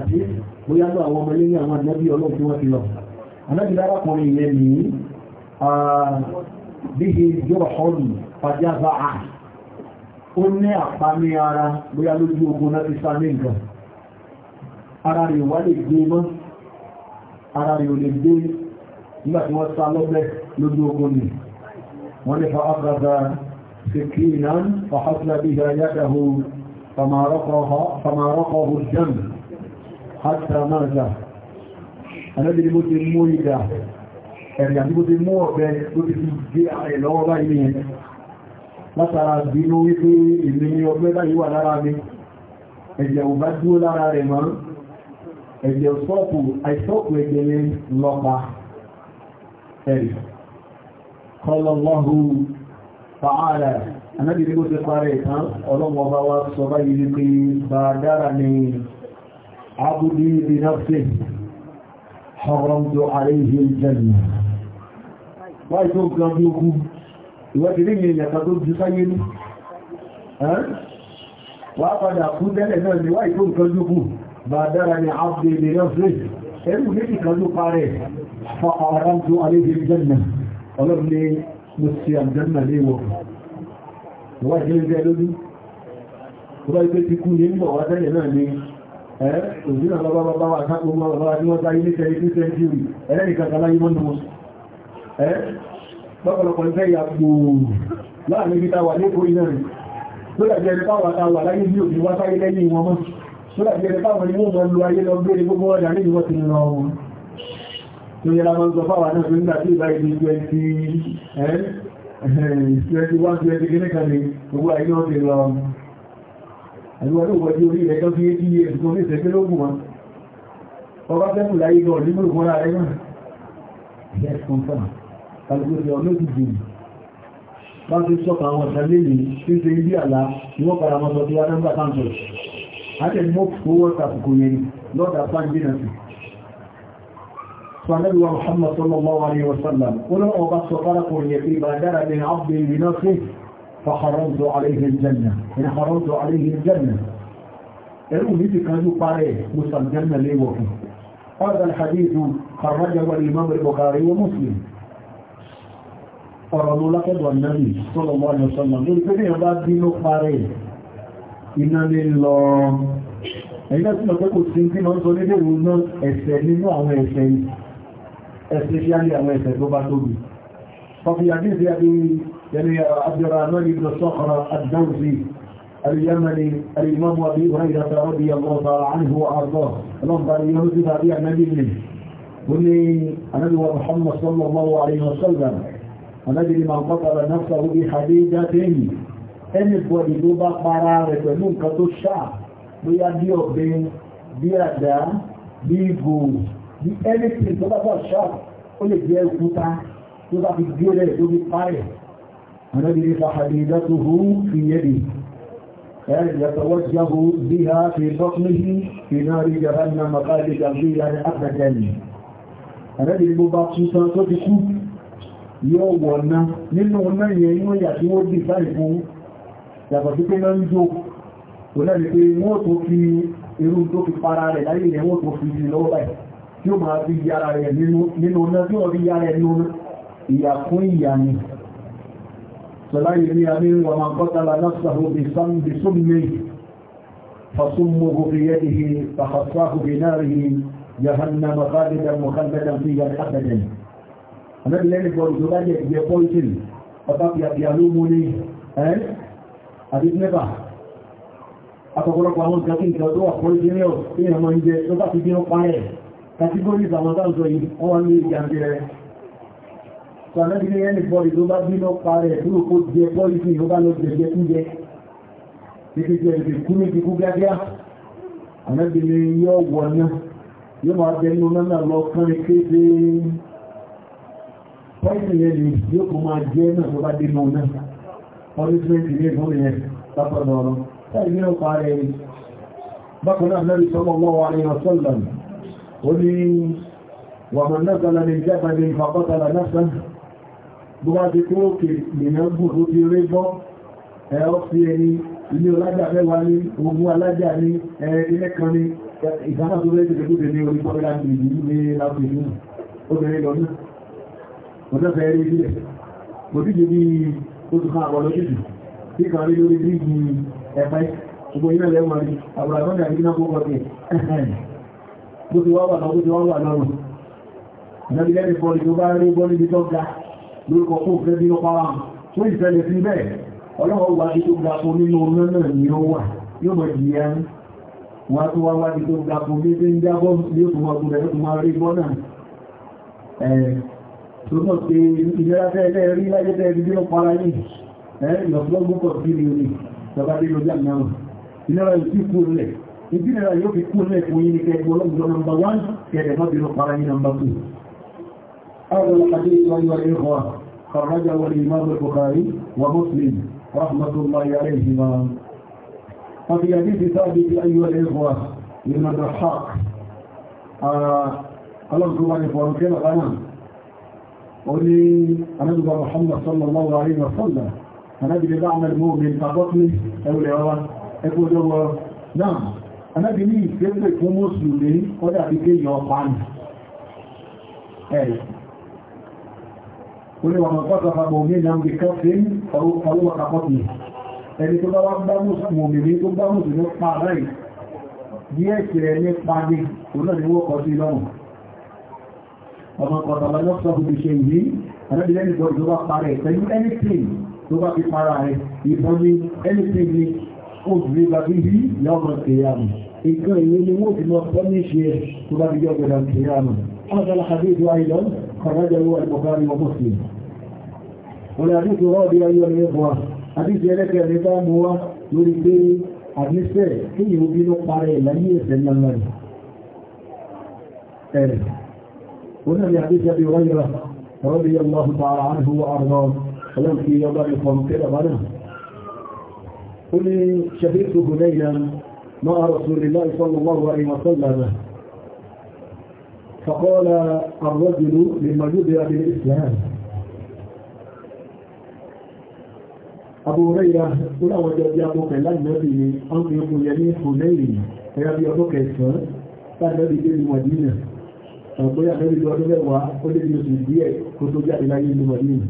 àti bóyá lọ àwọn ọmọ ilé ní àwọn àdínábí ọlọ́run tí wọ́n ti lọ anábì lárakùnrin ilẹ̀ ní bíhe yọ́rọ̀ ọ̀lù pàjáfà à ó ní àpamí ara bóyá lójú ogun láti sáré nǹkan ara rẹ̀ wá lè gbé mọ́ ara rẹ̀ ò lè gbé nígbà tí wọ́n sá lọ́gbẹ́ lójú ogun ni wọ́n lè fa áfàdà سكينا فحصل بها يده فما رقه الدم hátà máa zà anábìnrin bó ẹ̀rìn àti bó mú ọ̀bẹ tó ti fi gbé ààrẹ lọ́wọ́ báyìí látara bínú wípé ni ọgbẹ́ báyìí wà lára mi ẹ̀jẹ̀ ò bá lára rẹ̀ mọ́ ẹ̀jẹ̀ ẹ̀jẹ̀ lọ́pa ẹ̀rì عبدي بنفسه حرمت عليه الجنة wáyé tó gbọ́n bí ogun ìwọ́dì rí ní ìyàtọ̀ tó jù sáyé ní wà padà kú tẹ́lẹ̀ náà ni wáyé tó gbọ́n bí ogun bá dára ní abdé lè rán fún ẹ̀rù méjì kan ló parẹ̀ fọ́kànrán tó aléjì jẹ́nà ọlọ́run ní mo ti àjẹ́nà léwọ̀ wáyé tó gbọ́n bí ogun òjìnà bàbá bàbá wà káàkiri ọmọ bàbá ní wọ́n táyé níṣẹ́ ikú sẹ́ńtírì ẹlẹ́ni kàkàlá yí mọ́nà mọ́sù ẹ́ pọ́pọ̀lọpọ̀ ń fẹ́ ya gbòòrò láàrin ibi táwà ní orí náà sódà jẹ́ ẹ̀rẹ́páwà táwà láyé bí òbí wá táyé lẹ́yìn wọn mọ́ sódà jẹ́ ẹ̀rẹ́páwà ní wọ́n mọ́ lu ayé lọ gbére gbogbo ọjà ní ìwọ́n ti ń lọ wọn tó yẹra máa ń sọ fáwà náà nígbà tí ìbá ibi twenty ẹ̀lú ọdún ìwọ̀dí orí rẹ̀ tó fi é tí ẹ̀sùn ní ìṣẹ́gbẹ́ lógún wọn ọba fẹ́kù láyé lọ nínú ìwọ̀n ààrẹ náà yes confirm kàlùkùsì ọ̀nà ti jìnì bá ti sọ́kà àwọn ìṣẹ́lẹ̀lẹ̀ tí ń ṣe ilé àlá ni wọ́n padà mọ́ sọ tí wọ́n nọ́mbà kan sọ̀rọ̀ àti ẹni mọ́kù tó wọ́n tàkùkù yẹn lọ́dà sáńjì sí فنبي محمد صلى الله فخرجت عليه الجنة إن خرجت عليه الجنة قالوا لي كانوا قارئ مسلمنا لي وفي هذا الحديث خرجه الإمام البخاري ومسلم ọ̀rọ̀lú lápẹ́dọ̀ Ànábì sallallahu alaihi wasallam lórí pé ní ọba bínú parẹ́ iná lè lọ ẹ̀yìn láti lọ́pẹ́ kò sí tí máa ń sọ nílé ìwò náà ẹ̀ṣẹ̀ nínú àwọn ẹ̀ṣẹ̀ ẹ̀ṣẹ̀ sí alẹ́ àwọn ẹ̀ṣẹ̀ tó bá tóbi يعني عبد الرحمن بن صخرة الدوزي اليمني الإمام أبي هريرة رضي الله تعالى عنه وأرضاه اللهم قال يهودي تابع نبي منه وني النبي محمد صلى الله عليه وسلم النبي من قتل نفسه بحديدة anybody tó bá para rẹ̀ pẹ̀lú nǹkan tó ṣáà bóyá bí ọ̀bẹ bí àdá bí ìgò bí anything tó bá bá ṣáà ó lè jẹ́ òkúta tó bá fi gbé rẹ̀ tó الذي فحديدته في يده أي يتوجه بها في بطنه في نار جهنم خالدا فيها أبدا الذي مباقصة تدخل yóò wọ̀ná nínú ọ̀nà yẹn inú ìyà tí wọ́n dì sáì fún yàtọ̀ sí pé lọ́n jò kò lẹ́ni pé wọ́n tó fi irú tó fi para rẹ̀ láyé rẹ̀ wọ́n tó fi lọ́wọ́ báyìí tí ó máa fi yára rẹ̀ nínú ọ̀nà tí wọ́n fi yára rẹ̀ nínú ìyà fún ìyà ni سلا يمين ومن قتل نفسه بسم بسمه فصمه بيده فخصاه بناره جهنم خالدا مخلدا فيها ابدا النبي لين بورزولاجي يقولتل فطب يلومني ẹ́ àti nípa akọ̀kọ̀lọpọ̀ àwọn ìjọkí ìjọ tó wà pọ̀lú ní ọ̀ tí ìrìnàmọ́ ìjẹ tó bá ti bí ó parẹ́ kàtígórí ìsàmọ́tà ń sọ yìí wọ́n wá ní ìjàmbí rẹ̀ Sọ̀nàbí ní ẹni bọ́ọ̀lì tó bá bínú parẹ̀ dúró kó jẹ bọ́ọ̀lì tí ìhọ́bá ló jẹ jẹ kújẹ. Títí jẹ ìdè kú ní kíkú gágá. Ànábì ní yọ wọ̀ náà. Yóò máa jẹ inú náà lọ kán kéde. Pọ́ìsì yẹn ni yóò kó máa jẹ náà tó bá dé mọ́ náà. Ọdún tí ó ti ní ìfún من جبل فقتل bó bá ti kó òkè lèyàn gùn tó ti rí bọ́ ẹ̀ọ́ fi ẹni ilé ọlájà mẹ́wàá ní ogun alájà ní ilé kan ní ìdáná tó lẹ́jẹ̀ lóde ní orí bọ́ọ̀lá ti ìlú ní láti ìlú obìnrin lọ náà ọjọ́ fẹ́ rí sílẹ̀ kò díje bí oṣù kan àbọ̀ lójújù tí kan rí lórí bí i ẹ̀fẹ́ gbogbo iná lẹ́wọ̀n rí àbúrà lọ́dà ní iná kókọ̀ sí bó ti wá wà lọ́wọ́ ti wá wà lọ́rùn lórúkọ tó fẹ́ bí ó para tó ìfẹ́lẹ̀ sí bẹ́ẹ̀ ọlọ́wọ́ wá sí tó ga fún nínú ọ̀nà náà ni ó wà yóò mọ̀ jì yá wá tó wá wá sí tó ga fún ní tí ń jábọ́ ní ó túnmọ̀ ọdún rẹ̀ tó máa rí bọ́nà tó mọ̀ pé ni ìjọba dé lójú àmì náà ìlera yóò fi kú rẹ̀ ìdílera yóò fi kú rẹ̀ fún yín ní kẹgbọ́ ọlọ́gbọ́n nọ́mbà 1 kẹrẹ̀ mọ́bìnrin para yín nọ́mbà 2 هذا الحديث أيها الإخوة خرجه الإمام البخاري ومسلم رحمة الله عليهما وفي حديث ثابت أيها الإخوة من الرحاق الله سبحانه وتعالى غنم قولي أنبي محمد صلى الله عليه وسلم أنبي لدعم المؤمن كبطني أولي هو أقول هو نعم أنبي لي سيدك ومسلمين ولا بكي يوقعني ní wọ́n kọ́tọ̀fà mọ̀mí náà bí kọ́fín fọwọ́ kàkọ́tì ẹni tó bá wá bá mọ̀mí tó bá mọ̀mí ní pààrẹ̀ díẹ̀ sí rẹ̀ ní pàdé òun ni wọ́n kọ́ sí lọ́rùn ọmọ kọ̀tọ̀lá yọ́ sọ́bù bí tó bá parẹ̀ pẹ̀lú anything tó bá fi para rẹ̀ ìbọn ní anything ní obìnrin bá bí yìí yọ́mọ̀ kìyàmù nǹkan ìwé ni wọ́n ti lọ pọ́ ní ṣe tó bá fi jọ́ gbẹ̀dà kìyàmù ọjọ́ والحديث الرابع أيها الإخوة حديث لك الرقام هو يريد àdíṣẹ́ kí yíò bínú parẹ́ ìlànà ẹ̀sẹ̀ lọ́lọ́rì ẹ̀rẹ̀ onílẹ̀ àdíṣẹ́ bí wọ́n yíra rọ́bí yọ́lọ́hù tààrà ánìhù àrùnà ọlọ́pì yọ́bá ìfọ̀n kẹ́lẹ̀ bá náà ó ní ṣẹ̀fẹ́tù gùnẹ́yà máa rọ̀sùnlẹ̀ ìfọ̀lọ́wọ́ ìwọ̀sọ́lọ́rẹ̀ فقال الرجل لمجد أبي الإسلام abúrẹ́ra oláwọ̀jọ́ bí abúkẹ̀ láìmọ́bí ni ọmọ ogun yẹ ní fòlẹ́rì ẹ̀yà bí ọdún kẹsàn-án láìmọ́bí dé ní Mọ̀dínà ọ̀gbọ́yà mẹ́rin lọ ọdún mẹ́wàá ó lé ní oṣù díẹ̀ kó tó jáde láyé ní Mọ̀dínà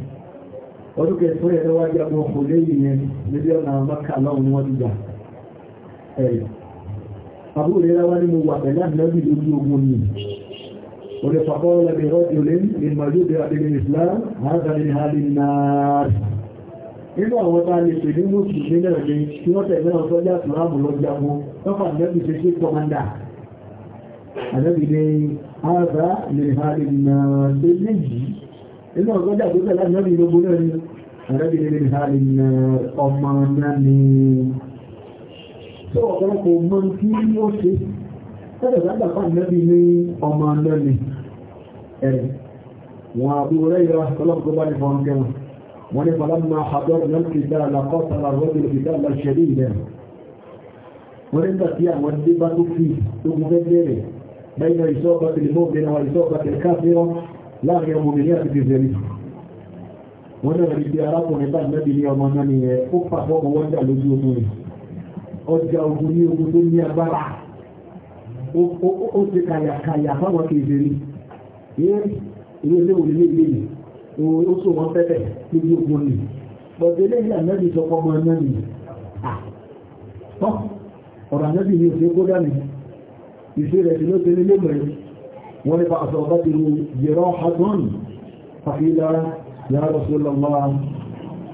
ọdún kẹsàn-án yẹn wá jẹ́ abọ́ fòlẹ́rì yẹn lórí ọ̀nà Mákà lọ́wọ́ ni wọ́n ti gbà abúrẹ́ra wá ní mo wà pẹ̀lú àmì lójú ogun ni ولفقال برجل من موجود عبد الإسلام هذا من هذه النار nígbà àwọn tá lè pè ní mọ́sí ní náà lè tí wọ́n tẹ̀lé ọ̀sọ́jà tó ráàmù lọ jagun lọ́pàá àjẹ́bì ṣe ṣe kọmanda àjẹ́bì ní ààbá lè ha lè nà ṣe lè yìí nínú ọ̀sọ́jà tó tẹ̀lé àjẹ́bì lógún náà ni àjẹ́bì lè ha ni tó ọ̀pọ̀lọpọ̀ mọ́ tí ó ṣe tẹ́lẹ̀ sábà fún àjẹ́bì ní ọmọ wọn àbúrẹ́ ìrọ̀ ọlọ́pọ̀ bá ní fọ́nkẹ́wọ̀n wọ́n ní falamma hadọ́rùn-ún kìtà lakọ́tàlá rọ́bìn kìtà lọ́ṣẹ̀rí ilẹ̀ wọ́n ní tàbí àwọn tí bá tó fi tó mú fẹ́ bẹ̀rẹ̀ bẹ́yìn ìṣọ́ọ̀bá tìlì mọ́ bẹ̀rẹ̀ wà ìṣọ́ọ̀bá tìlì káfíọ́ láàrin ọmọ mi ní àti tìzẹ̀rí wọ́n ní rí bí arákùnrin bá nẹ́bí ní ọmọ náà ni ó pàpọ̀ ọmọ wọ́n jà lójú ogun rẹ̀ ọjà ogun ní ogun tó ní agbára ó ti kàyàkàyà fáwọn kìzẹ̀rí ilé ilé òlélẹ́yìn ó tó wọn fẹ́fẹ́ lójú ogun ni bọ̀dé lẹ́yìn ànábì sọ pọ́ ọmọ ẹ̀mọ́ ni ọ̀rọ̀ ànábì ni òṣèré kó dání ìṣe rẹ̀ sí ló ṣe nílé wọ́n nípa àṣọ ọba ti ru yẹ̀rọ hadron fàfíìlà yàrá rọ̀ṣọ́lọ́mọ́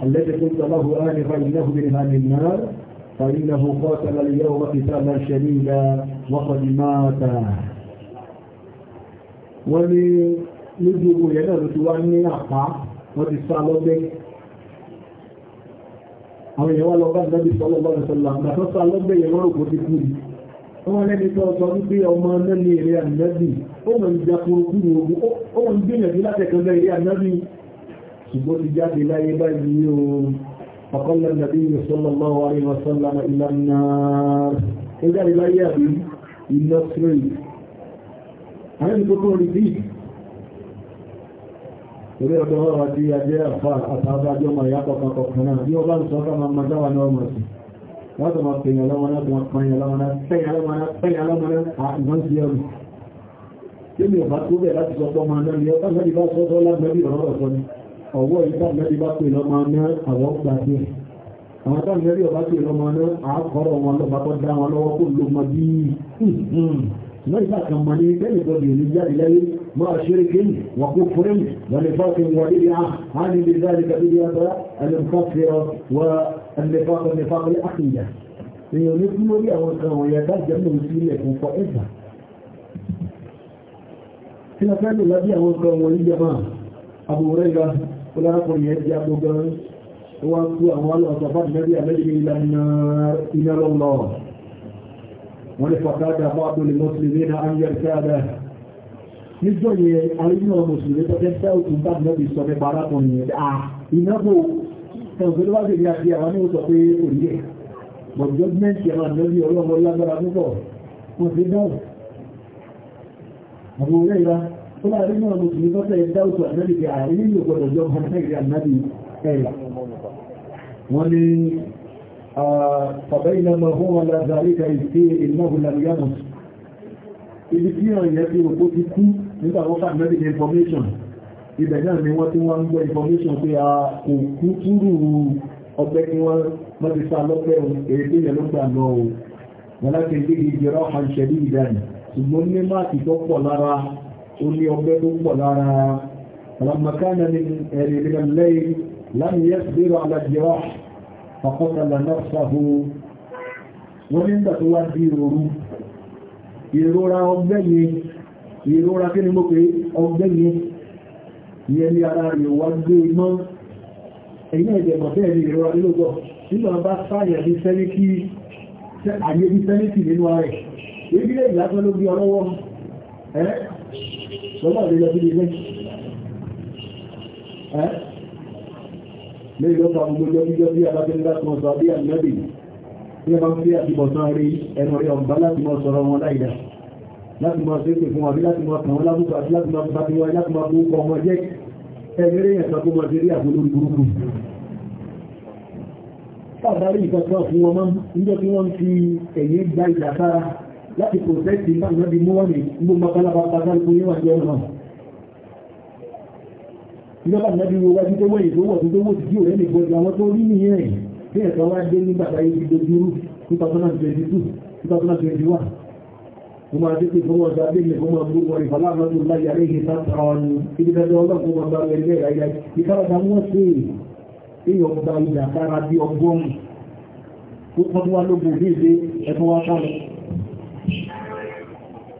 الذي قلت له آن فإنه من النار فإنه قاتل اليوم قتالا شديدا وقد ولي lójú ogun yẹn náà ló ti wá ní àpá wọ́n ti sá lọ́gbẹ́ àwọn èèyàn wá lọ bá nàbí sọ́lọ́ bá ní sọ́lọ́ àgbà tó sá lọ́gbẹ́ yẹn wọ́n rò kó ti kú ni wọ́n lẹ́ni tó sọ wípé ọmọ náà ní eré ànábì ó mọ̀ ní jakuru kú ní ogun ó mọ̀ ní gbìyànjú láti ẹ̀kan eré ànábì ṣùgbọ́n ti jáde láyé báyìí o ọ̀kọ́lá nàbí sọ́lọ́ bá wà ní wàsánlá rí bíi ilé ọ̀dọ̀ ọ̀rọ̀ tí a jẹ́ àfà àtàbájọ́ ma ya kọkànkọkàn náà bí ó bá ń sọ ká ma ma dáwà náà mọ̀ sí láti ma pèèyàn lọ́mọdá tó ma pèèyàn lọ́mọdá pèèyàn lọ́mọdá pèèyàn lọ́mọdá àgbọn sí ẹrù tí mi ò bá tó bẹ̀ láti sọ pọ́ ma náà ni ọ̀tá mẹ́rin bá sọ́tọ́ lágbẹ́bí ọ̀rọ̀ ọ̀sọ́ ni ọwọ́ ìta mẹ́rin bá pè lọ́mọ náà àwọn gbà sí àwọn tá mẹ́rin ọba pè lọ́mọ náà àkọ́rọ̀ wọn lọ́ba tó dá wọn lọ́wọ́ وشرك وكفر ونفاق وبدعة عن بذلك بدعة المكفرة والنفاق النفاق الأخية ويقول لي أول كان ويقال جمع مسلمة فائزة في الأسان الذي أول كان ولي جمع أبو هريرة ولا أقول يهدي أبو جمع وأقول أموال أصفاد نبي أمجي إلى النار إلى الله ولفقاد بعض المسلمين أن يرتاده níjọ́ yẹ àríyàn mùsùlùmí tó tẹ́tẹ́ òkú bá nẹ́bí sọ pé para kan yẹn à ìnáwó ẹ̀sùn tó bá sì rí àti àwọn ní òsọ pé kò ní ẹ̀ but government ẹ̀rọ nẹ́bí ọlọ́mọ lágbára púpọ̀ kò sí náà àwọn orí ìlà tó bá rí náà mùsùlùmí tó tẹ́ ẹ̀dá òsọ nẹ́bí pé àrí ní òkòdò jọ wọ́n ní فبينما هو على ذلك إذ إنه لم يمت ibi tí ọ̀yẹ́ bí òkú ti kú nígbà wọ́n fà medical information ibẹ̀ náà ni wọ́n tí wọ́n ń gbọ́ information pé a kò kú túrù ọgbẹ́ tí wọ́n mọ́ti sá lọ́pẹ́ èrè pé yẹn ló gbà lọ o wọn láti ń gbégi ìjẹrọ àṣẹlú ìdáni ṣùgbọ́n ní máàkì tó wá di òru ìrora ọgbẹ́ yìí ìrora kí ni mo pé ọgbẹ́ yẹn ìyẹn ní ara rẹ̀ wá gbé e mọ́ ẹ̀yìn ẹ̀dẹ̀mọ̀ bẹ́ẹ̀ ni ìrora nílògbọ̀ nínú ọba sáyẹ̀ bí sẹ́ríkì àyè bí sẹ́ríkì nínú ara rẹ̀ ebi lè ìlàtọ́ ló bí ọlọ́wọ́ ẹ́ lọ́pàá lè lọ bí ilé ẹ́ lè lọ́pàá gbogbo jọ́bíjọ́ bí alábẹ́lá kan sọ àbí àmì lẹ́bìn ní ẹbá ń fi àtibọ̀tán rí ẹnu rí ọ̀gbá láti láti máa ṣe pè fún àbí láti máa kàn wọ́n lábúkọ àti láti máa bàbí wọn láti máa bókọ ọmọ jẹ́ ẹgbẹ̀rẹ̀ yẹn sọ máa ṣe rí àbúrú burúkú ọ̀dárí ìkọ̀kọ̀ fún wọn mọ́ níjọ́ tí wọ́n fi ẹ̀yẹ gba ìdàkára láti pòtẹ́tì náà lọ́dí mú wọ́n ní gbogbo pálábà pàtàkì níwà jẹ́ ọ̀nà ìjọba ìnábi wo wájú tó wọ́n ìgbówọ̀ tó wọ́n ti jí òrẹ́ ní gbogbo àwọn tó rí nìyẹn bí ẹ̀kọ́ wá dé nígbàtà yìí ti 2021 kuma títí fún wọn sábé ní fún wọn gbogbo rẹ̀ fàlànà tó láyé àrẹ yìí sáfàwọn ibi tẹ́lẹ̀ ọlọ́pùn wọn bá rẹ̀ rẹ̀ ráyá ìkárata wọ́n sí èèyàn gba ìjà kára bí ọgbọ́n tó kọ́ tó wá lógo bí ìdé ẹ̀fọ́ wá kálọ̀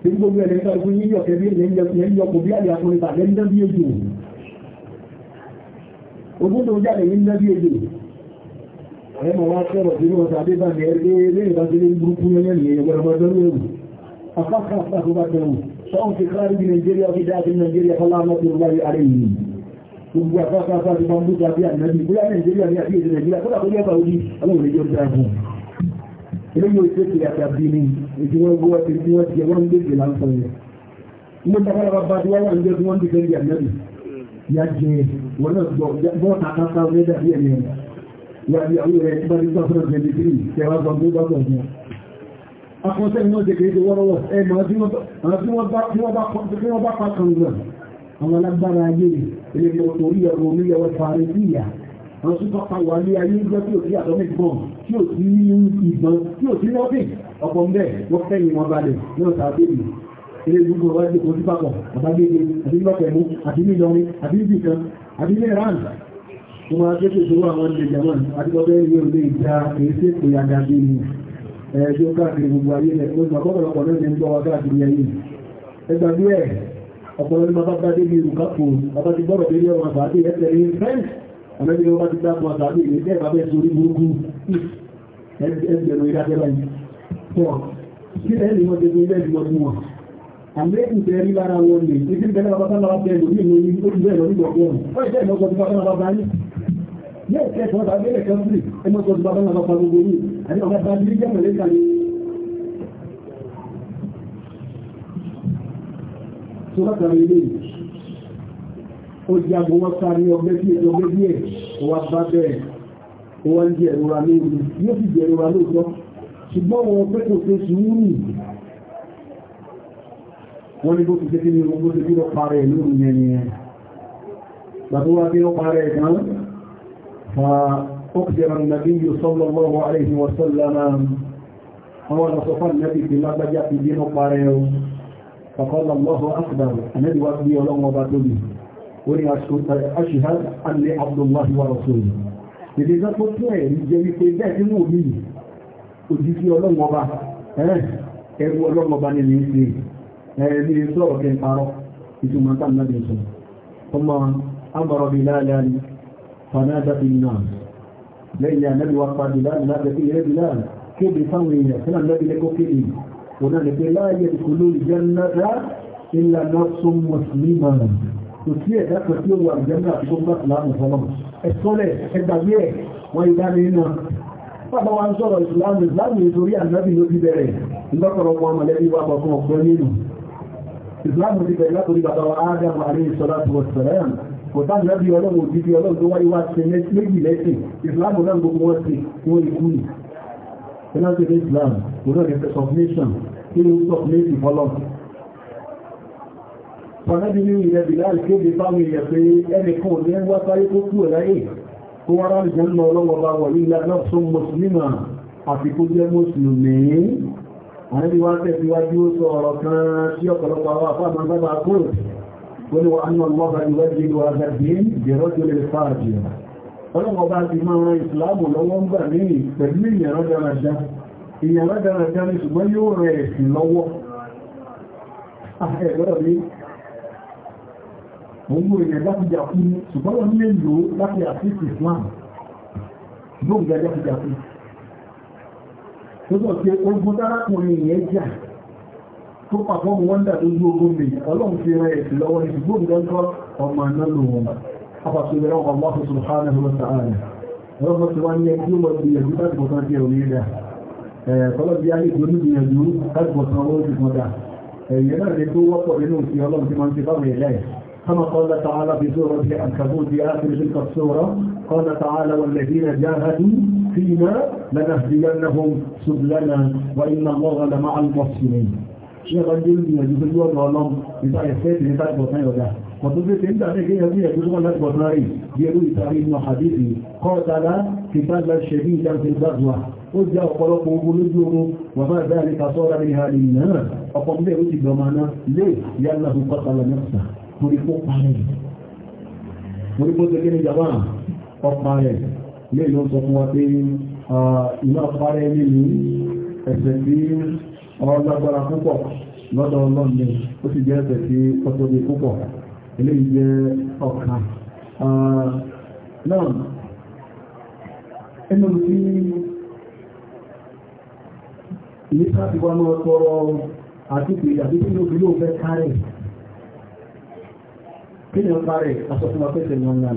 tí gbogbo ẹ̀rẹ́ ká fún yíyọ̀ kẹbí ẹ̀yẹ yọkù bí àyà fún ìta lẹ́ndẹ́ bí ejò ogún tó jáde ní lẹ́bí ejò ẹ̀mọ̀ wá sọ̀rọ̀ sí wọn sábé bá ní ẹgbẹ́ ilé ìbáṣẹ́lẹ́ burúkú yẹn ní ẹgbẹ̀rún ọjọ́ lóòrùn أصح صحبته سواء في خارج نيجيريا وفي داخل نيجيريا فالله نبي الله عليه gbogbo àpapọ̀ àti bambuka bí ànàbí bóyá nàìjíríà ní àfihàn nàìjíríà kódà tó yẹ́bà orí ọlọ́run ìjọ dáàbò eléyìí ò tètè àtàbí ni èdè wọn gbọ́ ti tí wọ́n ti jẹ wọ́n ń gbèsè láǹfọ̀ yẹn mo dábàá bá bá tí wọ́n wà ń jẹ́ tí wọ́n ń dìbẹ́ ní ànàbí yá jẹ wọn náà gbọ́ bọ́ àkàkà akọ́sẹ́ni náà jẹ́ kèrè wọ́rọ̀wọ́ ẹmọ̀ tí wọ́n bá pàkàn lọ àwọn alágbára ayé ilé orí ọ̀rọ̀ oníyẹwọ́ fàárí síyà wọ́n tún tọ́pa wà ní ayé ìjọ tí ò sí atomic bomb tí ò sí ìbọn tí ò sí nothing ọ̀pọ̀ mbẹ́ wọ́n fẹ́yìn wọn balẹ̀ ní ọ̀sà àbẹ́bì ilé gbogbo ọba jẹ́ kò sí papọ̀ ọ̀bágége àti lọ́pẹ̀mú àti nílọrin àti níbi kan àti ní ìran wọ́n máa tẹ́tẹ̀ tó wà wọn lè jẹ́ wọn àti lọ́bẹ̀ẹ́ ní orílẹ̀ ìjà èyí sí ìpòyàgà bí ẹ̀ẹ́jọ́ káàkiri gbogbo ayé rẹ̀ ló mọ̀ kọ́kọ̀lọpọ̀ náà ní gbọ́ wa káàkiri ayé ẹgbà bí ẹ̀ ọ̀pọ̀lọ́ ní bàbá dé bí ìrùkápò bàbá ti gbọ́rọ̀ dé lẹ́wọ̀n àbáde ẹ̀ẹ́sẹ̀ ní fẹ́ǹsì àmẹ́bí ọba ti dákun àbáde ìlé tẹ́ bàbá ẹ̀sùn orí burúkú ẹgbẹ̀rún ìdájẹ́ báyìí pọ̀ kí ẹ̀ lè mọ́tẹ́ ilé ìgbọ́ fún wọn àmẹ́kù tẹ́ rí lára wọn lè ní kí bẹ́ẹ̀ bàbá sábà bẹ́ẹ̀ lórí ìlú ní ó ti bẹ́ẹ̀ lọ nígbà ọgbọ́n wọ́n ìṣẹ́ ìmọ̀kọ̀ àti ọ̀gá bá bí jẹ́ mọ̀lẹ́ta ni tó bá tàbí ilé ó jẹ́ agbó wọ́n sá ní ọgbẹ́ bí ẹ̀jọ ọgbẹ́ bí ẹ̀ wà bá bẹ́ẹ̀ wọ́n jẹ́ ìrora lóòrùn yóò sì jẹ́ ìrora lóòtọ́ ṣùgbọ́n wọn pé kò ṣe sùúrù wọ́n ní bó ti tẹ́kí ní ogun tó kí lọ parẹ́ lóòrùn yẹn ni ẹ̀ أقدر النبي صلى الله عليه وسلم هو نصف النبي في الله بجاء في دين قارئ فقال الله أكبر النبي وأبي ولم وبدوني وني أشهد أني عبد الله ورسوله Ìdí ìjọ tó tún ẹ̀rí jẹ́ wípé bẹ́ẹ̀ tí mò ní òjísí ọlọ́mọba ẹ̀rù ọlọ́mọba ní ní ṣe ẹ̀rí sọ́rọ̀ kí n parọ́ ìtumọ̀ tàbí náà lẹ́yìn ànábì wa pa bìláàlì láti fi ilé bìláàlì kéde fáwọn èèyàn sínú ànábì lẹ́kọ́ kéde òun àti pé láàyè ìkòló ìjẹ́nàdá ìlànà sun mùsùlùmí kò sí ẹ̀dá kan tí ó wà ìjẹ́nà àti tó bá ìlànà fọlọ́ ẹ̀sọ́lẹ̀ ẹgbàgbé ẹ̀ wọ́n ìdá mi nà bàbá wa ń sọ̀rọ̀ ìsìlámù ìsìlámù nítorí ànábì ló fi bẹ̀rẹ̀ ìgbọ́kọ̀rọ̀ wọn mọ̀lẹ́bí wa bọ̀ fún ọ̀pọ̀ nínú ìsìlámù ti bẹ̀rẹ̀ látòrí bàbá wa Ádámù alayhi salatu wa salam kò bá nàbí ọlọ́run òdìdí ọlọ́run tó wáyé wá ṣe méjì lẹ́sìn ìsìláàmù náà gbogbo wọn sí wọn ikú ni penalty day plan kò náà ní submission kí ni submission fọlọ́ pàtàkì ní ilẹ̀ bilal kéde fáwọn èèyàn pé ẹnì kan ní wá sáyé tó kú ẹ̀ láyé kó wá ráàlì jẹ́ nínú ọlọ́wọ́ bá wọ̀ nílá náà tó mùsùlùmí àti kó jẹ́ mùsùlùmí àwọn ẹni wá tẹ̀síwájú sọ ọ̀rọ̀ kan sí ọ̀pọ̀lọpọ̀ àwọn àfáàmọ́ sábà kúrò ولو أن الله يوجد هذا الدين برجل خارجي ọlọ́wọ́ bá ti máa ran ìsìláàmù lọ́wọ́ ń bà ní pẹ̀lú ìyẹn rádáradá ìyẹn rádáradá ní ṣùgbọ́n yóò rẹ̀ ẹ̀sìn lọ́wọ́ ẹ̀rọ rí òun èèyàn dákújà fún ṣùgbọ́n wọ́n lè lò láti àfíìsì Islam lóògbà dákújà fún tó sọ pé ogun tárákùnrin yẹn jà tó pàtàkì wọ́n dà lójú ogun mi ọlọ́run fi rẹ̀ èsì lọ́wọ́ ní gbogbo gẹ́gọ́ ọmọ iná lò wọn afàṣẹ́lẹ̀ ọmọ ọmọ ọmọ subhanahu wa ta'ala ọlọ́run ti wá ní ẹni tí ó lọ sí ẹ̀jú láti bọ̀tán sí ẹ̀rọ yẹn dà ẹ̀kọ́lọ́ bí ayé ìgbóni gbìyànjú láti bọ̀tán ó ti kan dà ẹ̀yẹ náà lè tó wọ́pọ̀ nínú ti ọlọ́run ti máa ń ti bá wẹ̀ lẹ́yìn كما قال تعالى في سورة العنكبوت في آخر تلك السورة قال تعالى والذين جاهدوا فينا لنهدينهم سبلنا وإن الله لمع المحسنين ní ọba jẹ́ ìgbìyànjú tó yọ́ ọlọ́run nípa ẹ̀fẹ́ ìrìn láti bọ̀ sáyọ̀ dá ọ̀tọ́gbé tí ń dà ní ìgbìyànjú ìyàjú tó wọ́n láti bọ̀ sáyọ̀ rí bí ẹrú ìtàrí inú àdébì kọ́ọ̀tàlá kìtà láṣẹ bí ìjà ti gbàdúrà ó jẹ́ ọ̀pọ̀lọpọ̀ ogun lójú oorun wà máa bẹ́ẹ̀ ní kàtọ́ra ní ìhà ìrìn náà ọ̀pọ̀ mẹ́ ó ti gbọmọ náà lè yálà fún kọ́tàlá mẹ́ta torí kó parẹ́ torí kó tẹ́lẹ̀ ní jàmá ọ̀pá rẹ̀ lè ló ọmọ gbàgbára púpọ̀ lọ́dọ̀ ọlọ́ọ̀ni ó sì jẹ́ ẹ̀sẹ̀ sí ọtọ́bí púpọ̀ eléyìí jẹ́ ọ̀kan náà ẹnu tí ìyí káàkiri wọn lọ tọrọ àti pé àti pé ló fi ló fẹ́ kárẹ̀ kéèyàn kárẹ̀ asọ́fún afẹ́sẹ̀ ní ọ̀nà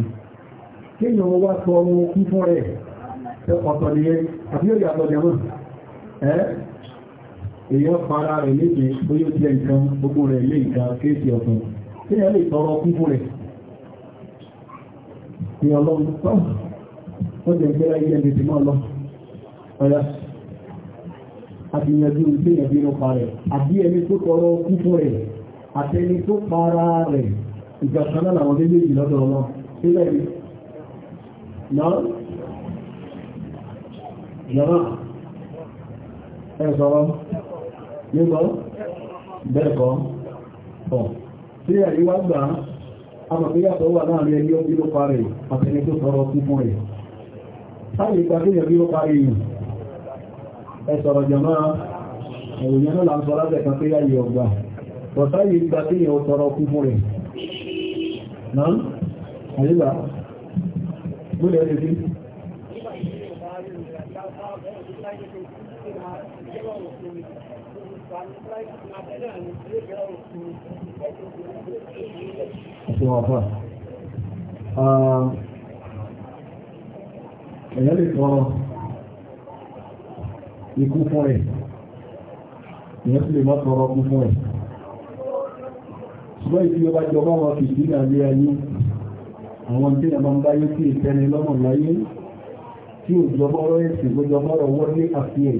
kéèyàn wá tọrọ kún fún rẹ̀ ọ̀tọ̀ nìyẹn àbí ó yàtọ̀ jẹ́mọ́ èyàn fara rẹ̀ léde bóyó jẹ́ nǹkan gbogbo rẹ̀ lé ìgbà kéèsì ọ̀tún tí ẹ lè tọrọ kún rẹ̀ ní ọlọ́run tọ́ ó jẹ́ gbẹ́rẹ́ ilé ẹni tí lọ ọ̀yá àbíyànjú ilé ẹ̀bí ló pa rẹ̀ àbí ẹni tó tọrọ kún fún rẹ̀ àtẹni tó para rẹ̀ ìgbà kan náà làwọn méjèèjì lọ́dọ̀ ọlọ́ sílẹ̀ sọ̀rọ̀ nígbọ́ bẹ́ẹ̀kọ́ ọ̀ tí ẹ̀rí wá gbà amàfíyàtọ̀ wà láàrin ẹni ó bí ló parí àtẹni tó sọ̀rọ̀ sí fún rẹ̀ sáàrì ipa tí ẹ̀rí ló parí yìí ẹ sọ̀rọ̀ jọmọ́ ẹ̀rùn yẹn lọ́la ń sọ lábẹ̀ kan pé yáyẹ ọgbà pọ̀ sáàrì ipa tí ẹ̀ sọ̀rọ̀ sí fún ṣe wà fà um, ẹ̀yẹ́ lè tọrọ ikú fún ẹ̀ ìyẹn sì lè má tọrọ ikú fún ẹ̀ ṣùgbọ́n ìfí ọba jọba wọn fi ìdí àlé ayé àwọn tí a máa ń báyé tí ìtẹni lọ́nà láyé tí ò jọba ọ̀rọ̀ ẹ̀sìn gbọ́jọba ọ̀rọ̀ wọ́n àfihàn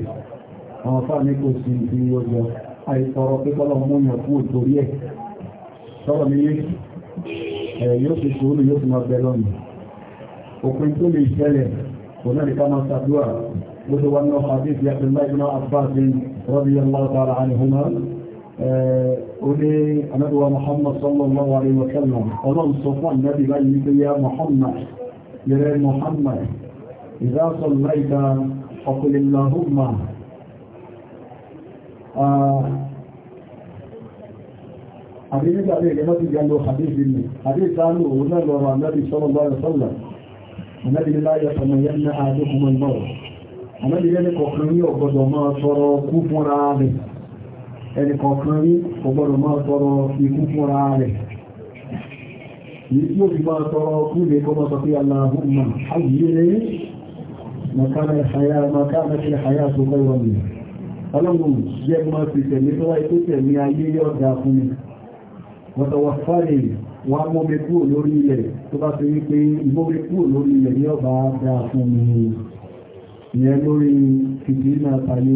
àwọn fáàmì kò sí ibi ọjọ́ àìsọ̀rọ̀ pé kọ́lọ̀ mú yàn fún ìtorí ẹ̀ sọ́rọ̀ mi yóò fi ṣòro yóò fi máa bẹ lọ́nà òpin tó lè ṣẹlẹ̀ kò náà nípa máa ṣàdúrà bó ṣe wá ní ọkọ̀ àti ìfìyà pẹ̀lú láìpẹ́ náà àbáṣe radiyallahu ta'ala anhuma orí anábíwa Muhammad sallallahu alaihi wa sallam ọlọ́run sọ fún ànábì báyìí pé yá Muhammad yẹrẹ Muhammad ìdásọ̀lá ìdá ọkùnrin Ah, àbí nígbà lè gẹ́mọ́ ti gẹ́lò àdíjì ni àdíjì tánù òun náà lọ́rọ̀ àmẹ́bí sọ́rọ̀ lọ́rọ̀ sọ́lọ̀ àmẹ́bí ní láyé ọmọ yẹn ní àádókùnmọ́ ìmọ̀rọ̀ àmẹ́bí yẹn ní kọ̀ọ̀kan ní ọgbọ́dọ̀ máa tọrọ kú fúnra rẹ̀ ẹni kọ̀ọ̀kan ní ọgbọ́dọ̀ máa tọrọ ikú fúnra rẹ̀ yìí tí ó fi máa tọrọ kú lè kọ́ ọlọ́run jẹ́ mọ́ sí tẹ̀lé tó wáyé tó tẹ̀lé ayé yọ́ da fún mi wọ́tọ̀wọ́ fàyè wọ́n á mọ́bẹ̀ kúrò lórí ilẹ̀ tó bá fi wípé ìmọ́bẹ̀ kúrò lórí ilẹ̀ ní ọba da fún mi ìyẹn lórí kìtì náà tayé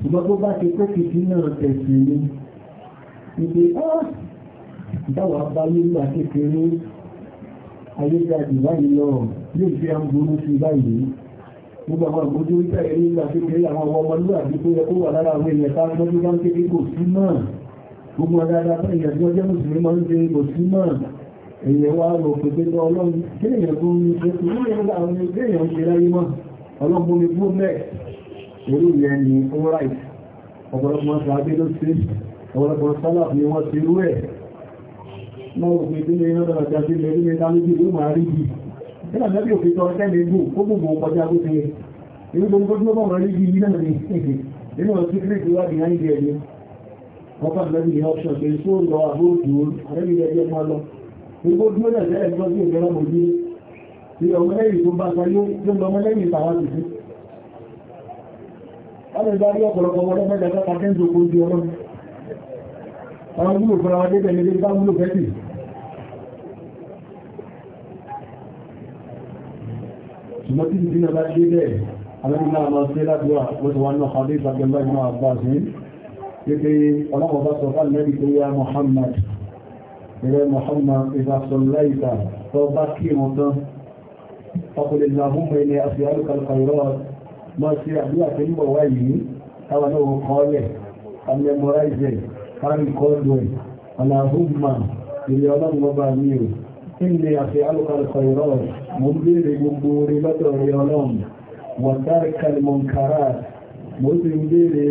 ṣùgbọ́n tó bá ti kó kìtì náà tẹ̀sí ní wípé dáwà bá nílùú àkékeré ayé ga jù báyìí lọ yóò fi àǹgbóná sí báyìí gbogbo àwọn ìgbójú ìtẹ́ ilé ìgbà tí kéré àwọn ọmọ ọmọlúwàbí tó yẹ kó wà lára àwọn èèyàn tá lọ́jú bá ń ké kò sí mọ́ gbogbo dáadáa tó èèyàn tí ó jẹ́ mùsùlùmí máa ń ṣe kò sí mọ́ èèyàn wá rò pé pé lọ ọlọ́run kí èèyàn tó ń ṣe kí èèyàn ń ṣe láyé mọ́ ọlọ́run bomi gbó mẹ́ẹ̀ orí ìyẹn ni ó ráì ọ̀pọ̀lọpọ̀ sàábé ló ṣe ọ̀pọ̀lọpọ̀ sálà ni wọ́n ti rú ẹ̀ mọ́ òpin tí ní ọ̀dọ̀ àjàgbé lẹ́rí mẹ́ta lójú ló máa rí yìí nígbà mẹ́bí òfin tọ́ tẹ́lẹ̀ gbò ó gbogbo kọjá bó ṣe èyí gbogbo tí ó bọ̀ mọ́ lójú yìí náà ní ìdè nínú ọtí kiri ti wá di náà ìdè ẹ̀yẹ wọ́n kàn lẹ́bi ní option pé tó lọ àbó dùn àrẹ́bí ẹ̀yẹ mọ́ lọ gbogbo tí ó lẹ̀ tẹ́lẹ̀ gbọ́ sí ìjọba mọ̀ yé ti ọmọ lẹ́yìn tó bá sọ yóò ṣùgbọ́n tí ìdí náà bá dé bẹ́ẹ̀ alẹ́gbẹ̀ẹ́ náà máa ṣe ládùúgbà wọ́n ti wá ní ọ̀kan lẹ́yìn ìfàgbẹ́mbá ìmọ̀ àbáṣe wípé ọlọ́pàá bá sọ fún àlẹ́bí pé yá Muhammad ilẹ̀ Muhammad ìfàṣọláìta tó bá kí wọn tán ọkùnrin náà mú mẹ́ ilẹ̀ àti alùkàlùkàlùrọ̀ máa ṣe àdúrà tó ń ilé àti alùkàlùkọ̀rọ̀ mo ń bèèrè gbogbo orí lọ́dọ̀ rí ọlọ́run wọ̀dárí kalmọ̀nkara mo sì ń bèèrè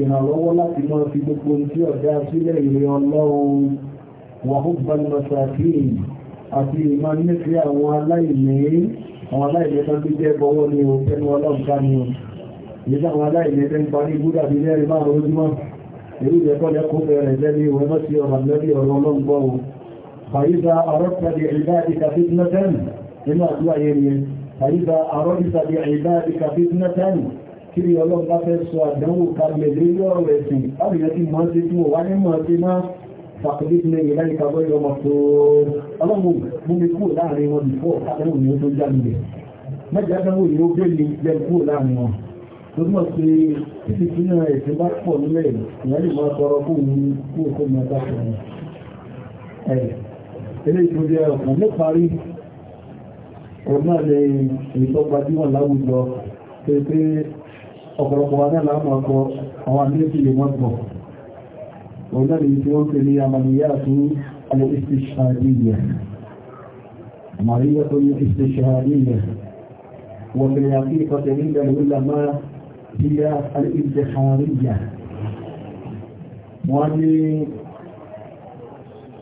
ìrànlọ́wọ́ láti mọ́ fi gbogbo tí ọ̀dá sílẹ̀ ìrí ọlọ́run wàhúbánmọ́sàkín àti ìmọ̀ nífẹ́ àwọn aláìní àwọn aláìní tó bí jẹ́ bọ́wọ́ ní òkẹ́nu ọlọ́run kánú ìdá àwọn aláìní tẹ́ ń parí gúdà bí lẹ́rìí márùn-ún ojúmọ́ èrú ìrẹ́kọ́lẹ́kọ́ bẹ̀rẹ̀ ọ̀rọ̀ lẹ́bí ọ̀rọ̀ ọlọ́run gbọ́rùn-ún فإذا أردت بعبادك فتنة إما أدوى يمين فإذا أردت بعبادك فتنة kiri ọlọ́run bá fẹ́ sọ àdánwò kalẹ̀ lórí ọ̀rọ̀ ẹ̀sìn lábìyàn tí mọ́ sí tí mo wá ní mọ́ sí máa fàkùdí sílẹ̀ ìlà ìkàbọ̀ ìrọmọ tó ọlọ́run mú mi kúrò láàrin wọn bìfọ́ àdánwò ni ó tó já lulẹ̀ mẹ́jọ àdánwò ni ó gbé mi jẹ kúrò láàrin wọn tó mọ̀ sí títí tí náà ẹ̀sìn bá pọ̀ nílẹ̀ ìyá lè máa tọrọ fóun kúrò fóun mẹ́ta fún ẹ̀ ilé ìtòjẹ́ ọ̀nà níparí ọ̀nà lè ìtọ́gbàdíwọ̀n láwùjọ pé pé ọ̀pọ̀lọpọ̀ wa náà láàmù ọkọ̀ àwọn àmìlẹ́sì lè wọ́n gbọ̀ ọ̀nà lè tí ó ń pè ní àmàlìyà fún alẹ́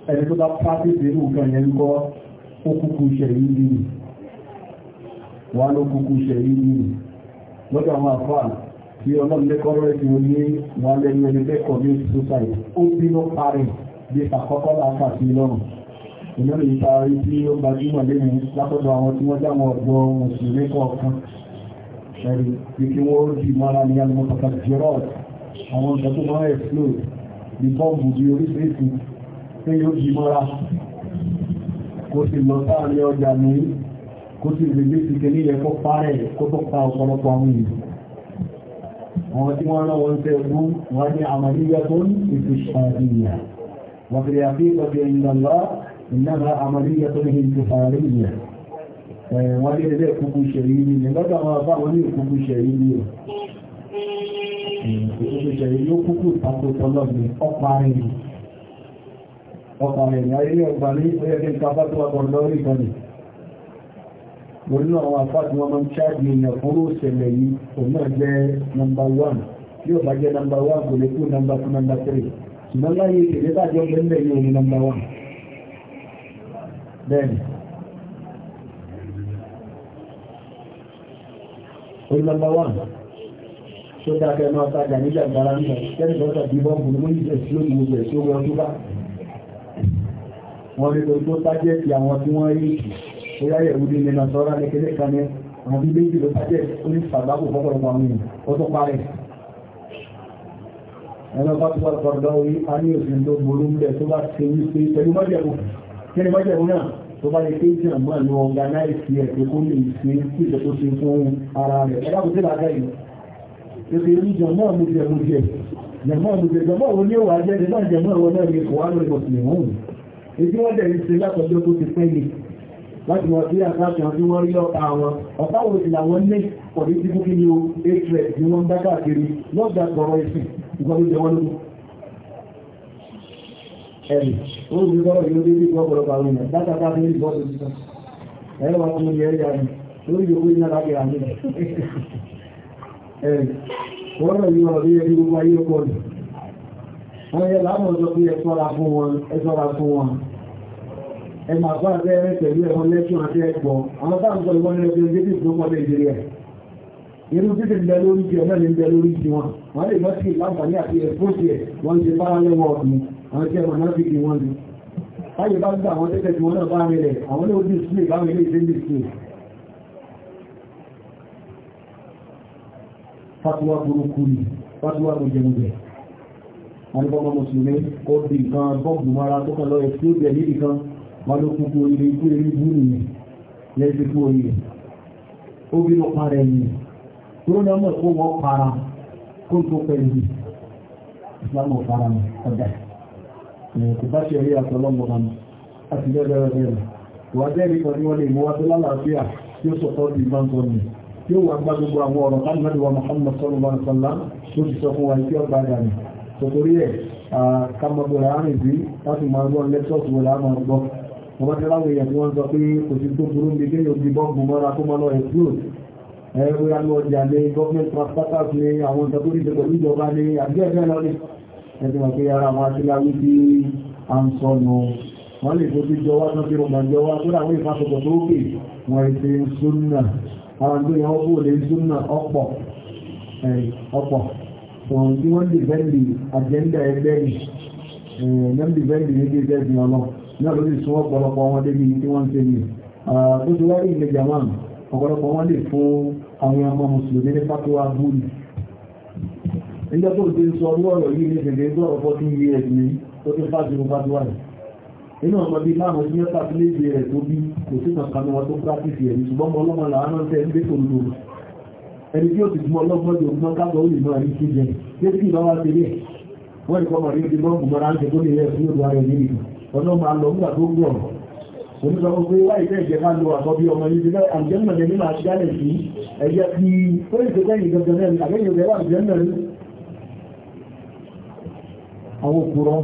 ẹni tó bá pàtìsì irú nǹkan yẹn kọ́ ó kúkú ṣẹ̀yí nínú wà ló kúkú ṣẹ̀yí nínú lọ́dọ̀ àwọn àfáà tí ọlọ́mọdékọ́rọ́ ẹ̀sìn ó ní wọn lẹ́nu ẹni lẹ́kọ̀ọ́ ní society ó bínú parí bí àkọ́kọ́ láǹfà sí lọ́rùn ìlú ìparí tí ó gbajúmọ̀ lẹ́nu látọ̀dọ̀ àwọn tí wọ́n dáwọn ọ̀gbọ́ mùsùlùmí kọ̀ọ̀kan ẹ̀rí bí kí wọ́n rí mara ní alimọ́kọ̀ọ̀kan jẹ́rọ̀ọ̀tì àwọn ìṣẹ́tún mọ́ ẹ̀flóòdì bọ́ọ̀bù bí oríṣiríṣi tí yóò yí mọ́ra kó sì lọ sáàrí ọjà ní kó sì lè gbé ti kẹlé ẹ̀kọ́ parẹ́ kó tó pa ọ̀pọ̀lọpọ̀ àwọn èèyàn àwọn tí wọ́n rán wọn tẹ́gbú wọ́n ní àmàlíyà tó ń ìfi ṣàríyà wọ́n fi àfi ọdẹ ìlàlá ìnára àmàlíyà tó ń ìfi kúkú ìtakò tọ́lọ́ ni ọkàn ẹ̀yìn ayé ọgbà ní ẹgbẹ́ ìkàfàtíwà kan lọ́rí ìkànnì lórí àwọn àfáàtí wọn máa ń ṣáàdì èèyàn fún òṣèlè yìí òun náà jẹ́ nọmbà 1 bí ó bá jẹ́ nọmbà 1 kò lè kú nọmbà 2 nọmbà 3 ṣùgbọ́n láyé ìpèlè tàbí ọgbẹ́ ń lẹ́yìn òun nọmbà 1 bẹ́ẹ̀ni òun nọmbà 1 tó dákẹ́ máa tajà nígbàgbára nígbà tẹ́lifọ́sà bí bọ́ọ̀bù ló ń wọ́n rí tó tó tájẹ́ ti àwọn tí wọ́n rí ìkì ó yá yẹ̀wú ní nínú sọ́ra lẹ́kẹ́lẹ́ kan ní àwọn bí méjì ló tájẹ́ ó ní fàgbákò fọ́pọ̀lọpọ̀ àwọn èèyàn ó tó parẹ́ ẹ̀rọ bá tó wà kọ̀dọ̀ orí a ní òsìn tó burú ń bẹ̀ tó bá ṣe wí pé pẹ̀lú mọ́jẹ̀kù kí ni mọ́jẹ̀kù náà tó bá lè pé jẹ́ àmọ́ ní ọ̀gánáìsì ẹ̀ pé kó lè ṣe ìṣẹ́ tó ṣe fún ara rẹ̀ ẹ̀dá kò sí làákà yìí tó ṣe rí jọmọ́ mú jẹ mú jẹ jọmọ́ mú jẹ jọmọ́ òun ní jẹ́ jẹmọ́ ìwọ náà ní kò lórí bọ̀sùn ìwọ̀n ìdí wọ́n dẹ̀ ń ṣe látọjọ́ tó ti pẹ́ yìí láti mọ̀ sí àkáàkàn tí wọ́n rí ọ̀pá àwọn ọ̀pá wo sì làwọn ní pọ̀lí tí kúkí ni o hrs ni wọ́n ń bá káàkiri lọ́gbà gbọ́rọ̀ ẹ̀sìn ìgbọ́n ló jẹ wọ́n lógún ẹ̀rì ó rí gbọ́rọ̀ yóò dé ní gbọ́gbọ̀rọ̀ àwọn èèyàn dáta bá ní ìbọ́ tuntun ẹ̀rọ wa fún ilẹ̀ ẹ̀yà ni lórí ìyókù ní alágbé àmì ẹ̀rì wọ́n rẹ̀ yóò rí ẹni gbogbo ayé ọkọ̀ rẹ̀ wọ́n yẹ láàmù ọjọ́ pé ẹ̀ṣọ́ra fún wọn ẹ̀ṣọ́ra fún wọn ẹ máa bá ẹgbẹ́ pẹ̀lú ẹ̀wọ̀n lẹ́ṣùn àti ẹ̀gbọ́ àwọn bá ń sọ ìwọ́n ní ọjọ́ ìgbésí tó mọ́ nàìjíríà irú títí ìgbẹ́ lórí ti ọ̀nà ní ìgbẹ́ lórí ti wọn wọ́n lè lọ́sí láǹfààní àti ẹ̀fọ́ sí ẹ̀ wọ́n ti bá lẹ́wọ́ ọ̀gbìn àwọn tí ẹ̀wọ̀n náà fi di wọn lù láyé bá gbà àwọn tẹ́tẹ́ tí wọ́n náà bá rẹ̀ àwọn ló dì sílẹ̀ báwọn ilé ìdí ní sílẹ̀ fatuwa burúkú ni fatuwa gbogbo wọn kọ́ mùsùlùmí kó di nǹkan bọ́ọ̀bù mara tó kàn lọ́yẹ̀ tí ó bẹ̀ nídìí kan wọn ló kúkú oríire ikú eré bú nìyẹn lẹ́yìn tó kú oríire ó bí ló para ẹ̀yìn tó ní ọmọ ìkó wọn para kó tó pẹ̀lú ìsìlámù para mi ọ̀dà kò bá ṣe rí àtọ́lọ́mọ kan àti bẹ́ẹ̀ bẹ́ẹ̀ bẹ́ẹ̀ wà jẹ́rìí kan ní wọ́n lè mú wa tó lálàáfíà tí ó sọ̀tọ́ di ìbáǹkọ́ yóò wà gbá gbogbo àwọn ọ̀rọ̀ láti mẹ́rin wa Muhammad sallallahu alaihi wasallam tó ti sọ fún wa ìfẹ́ ọgbà dànù tòtòrí ẹ̀ kàmọ̀bọ̀lá àrìbí láti máa gbọ́n lẹ́tọ́ọ̀tù wọ̀lá máa gbọ́ wọ́n bá tẹ́láwọ̀ èèyàn tí wọ́n sọ pé kò sí tó burú ní kéyò bí bọ́ọ̀bù mọ́ra tó mọ́ lọ ẹ̀kúrò ẹ̀rọ ya lọ jà lé gọ́ọ̀mẹ̀ntì transporters ní àwọn ìjọ tó ní ìjọba ní ìjọba ní àgbẹ̀ẹ́gbẹ́ lọ ní ẹ̀sìn wọn pé ara wọn aṣíláwí tí a ń sọ nù wọ́n lè fojú jọ wá tán kí ọ̀pọ̀ wọn tí wọ́n dìbẹ́ndì àjẹ́ndà ẹgbẹ́ náà dìbẹ́ndì ní dìbẹ́ ìsìn ọlọ́ náà ló lè sún ọ̀pọ̀lọpọ̀ wọn débi tí wọ́n ń ṣe ní tó ah, ti wáyé ilẹ̀ jama ọ̀pọ̀lọpọ̀ wọn lè fún àwọn ọmọ mùsùlùmí ní fatuwa búlù nígbà tó ti sọ ọdún ọ̀rọ̀ yìí ní ṣẹ̀dẹ̀ tó ọ̀pọ̀ tí yé ẹ̀ ní tó ti fà sí fatuwa rẹ̀ inú ọmọ bíi márùn-ún sí mẹ́fà sílé ìbéèrè tó bí kò sí kankan wọn tó pàtìsì ẹ̀ ṣùgbọ́n ọlọ́mọ làánú tẹ́ ń gbé tòlù ẹni tí ó ti mọ ọlọ́gbọ́dọ̀ ọgbọ́n kábọ̀ ó lè máa rí sí jẹ tí ó sì bá wá sílẹ̀ wọ́n ìkọ́ mọ̀ rí ti mọ́ ọmọdé àti tó lè rẹ̀ sí odò ara ẹ̀mí nìkan ọ̀nà máa lọ nígbà tó gbọ̀ onígbà tó pé wáyé tẹ́ ìjẹ́ máa lo àkọ́bí ọmọ yìí sílẹ̀ àjẹ́mọ̀ lè ní máa jálẹ̀ sí ẹ̀yẹ ti rẹ̀ wà jẹ́ mẹ́rin àwọn òkúrọ́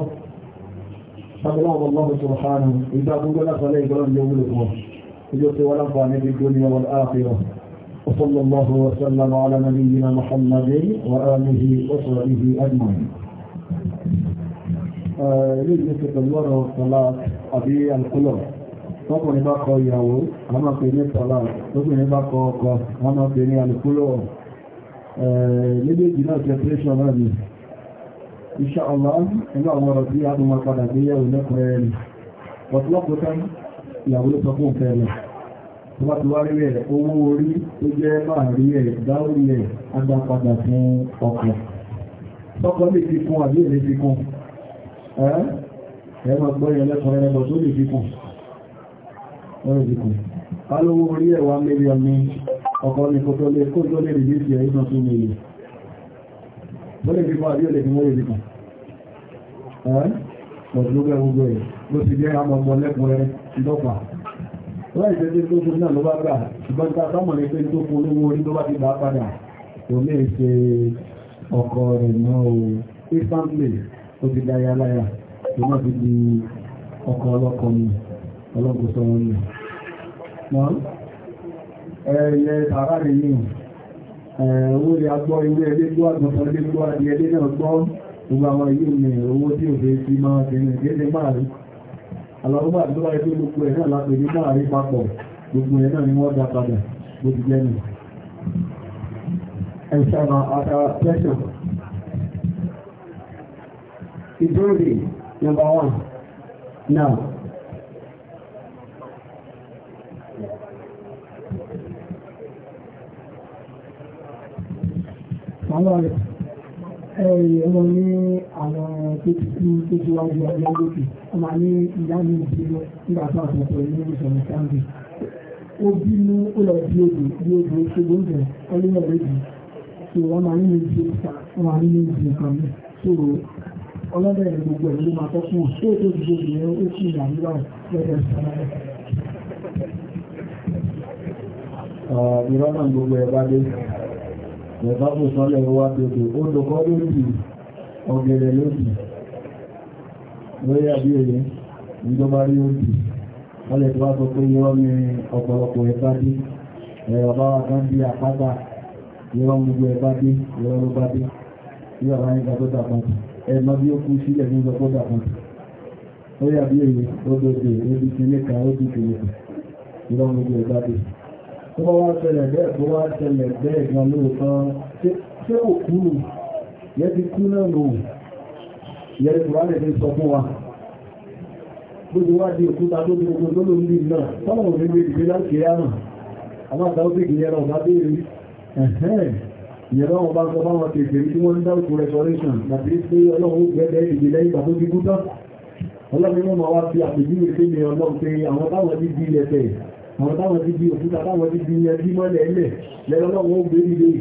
sábẹ́lá ọmọ ọmọ tó hàn ìgbà wọ́n láǹfààní وصلى الله وسلم على نبينا محمد وآله وصحبه أجمعين لجنة الله والصلاة أبي القلوب tọ́kùnrin bá kọ ìyàwó a máa pè ní tọ́lá tọ́kùnrin bá kọ ọkọ a máa pè ní alùkúlò méjèèjì náà separation náà ni Insha Allah inú àwọn ọ̀rọ̀ tí a tún máa padà gbéyàwó lẹ́kùnrin rẹ̀ ni ọ̀pọ̀lọpọ̀ tán tó bá ti wá rí rẹ̀ owó orí tó jẹ́ máa rí rẹ̀ dáórí rẹ̀ agbápadà fún ọkọ̀ tọ́kọ́ lè fi kún àbí èlé fi kún ẹ máa gbọ́ yẹn lẹ́kọ̀ọ́ ẹlẹ́gbọ́ tó lè fi kún ọ̀rẹ́ fi kún alówó orí ẹ̀ wá mílíọ̀n ní ọkọ̀ ní kò tó lè kó tó lè rí ní ìfẹ́ ìtàn tó lè ẹ̀ ló ti jẹ́ àmọ́ ọmọ lẹ́kùnrin ìdọ́pàá láìsẹ̀dé tó fún náà ló bá gbà ṣùgbọ́n ta sámọ̀ ní pé tó fún olówó orí tó bá ti bá padà kò lè ṣe ọkọ̀ rẹ̀ náà o ìfàmìlì ó ti dáyà láyà tó má fi di ọkọ̀ ọlọ́kọ̀ ni ọlọ́gbọ̀sọ wọn ni ẹ̀yẹ tààrà rẹ̀ yìí owó rẹ̀ agbọ́ ilé ẹlé gbọ́ àgbọ̀sọ ilé gbọ́ adìẹ ilé náà gbọ́ gbogbo àwọn yìí ni owó tí ò alọ́gbà tó wáyé pé gbogbo ẹ̀ náà láti rí náà rí papọ̀ gbogbo ẹ̀ náà ni wọ́n dá padà bó ti jẹ́nu ẹ̀ṣàmà àtà tẹ́ṣọ̀ ìdóòdè nọmbà wọ́n náà Àwọn ọ̀rẹ́ ẹ̀rọ eh, ní àwọn tó ti wá ju ọjọ́ lókè ọmọ ní ìyá mi ìbínú nígbà tó àtọ̀tọ̀ ní sáńdì ó bínú ó lọ bí odò bí odò ṣe gbóǹdè ọlọ́yọ̀ lójú so wọ́n máa nínú ìṣe ìta wọ́n máa nínú ìṣe nǹkan mi so ọlọ́dẹ̀ gbogbo ẹ̀ ló máa tọ́ fún un tó ti ah, gbogbo ẹ̀ ó sì ìyá nígbà lọ́dẹ̀ ìṣẹ̀lẹ̀ lẹ́fàkù sọ́lẹ̀ wá pẹ̀lú olùkọ́ lórí ọ̀gẹ̀rẹ̀ lórí lórí àbí èyẹ ìjọba rí òdì wọ́n lè tó wá sọ pé yọ́ ní ọ̀pọ̀lọpọ̀ ẹ̀bá dé ẹ̀rọ bá wá tán bí àpáta yọ́ gbogbo ẹ̀bá dé yọ́ ló bá dé bí ọ̀rá nígbà tó dà pàtó ẹ̀mọ́ bí ó kú sílẹ̀ ní ìjọ tó dà pàtó lórí àbí èyẹ ó dòdò ó di kílé kan ó di kílé kan yọ́ gbogbo ẹ̀bá dé tó bá wá tẹ̀lẹ̀ bẹ́ẹ̀ tó wá tẹ̀lẹ̀ bẹ́ẹ̀ gan lóòtọ́ tí ó kú lù yẹ́ ti kú náà lò yẹ́ ti wá lè fi sọ fún wa gbogbo wá di òkúta tó ní gbogbo tó ló ní náà tọ́nà òní ní ìgbé láti yára àmáta ó bèèrè yẹra ọ̀bá bèèrè ẹ̀hẹ́n yẹra ọba sọ bá wọn kèfèrí tí wọ́n ń dá òkú restoration àti pé ọlọ́run gbẹ́gbẹ́ ìdí lẹ́yìn ìgbà tó ti gúdá ọlọ́run mọ́ wá fi àpèjúwe pé ní ọlọ́run pé àwọn táwọn ti di ilẹ̀ àwọn táwọn ti di òkúta táwọn ti di ẹbí mọ́lẹ̀ ẹlẹ̀ lẹ́lọ́lọ́wọ́ ó gbé nílé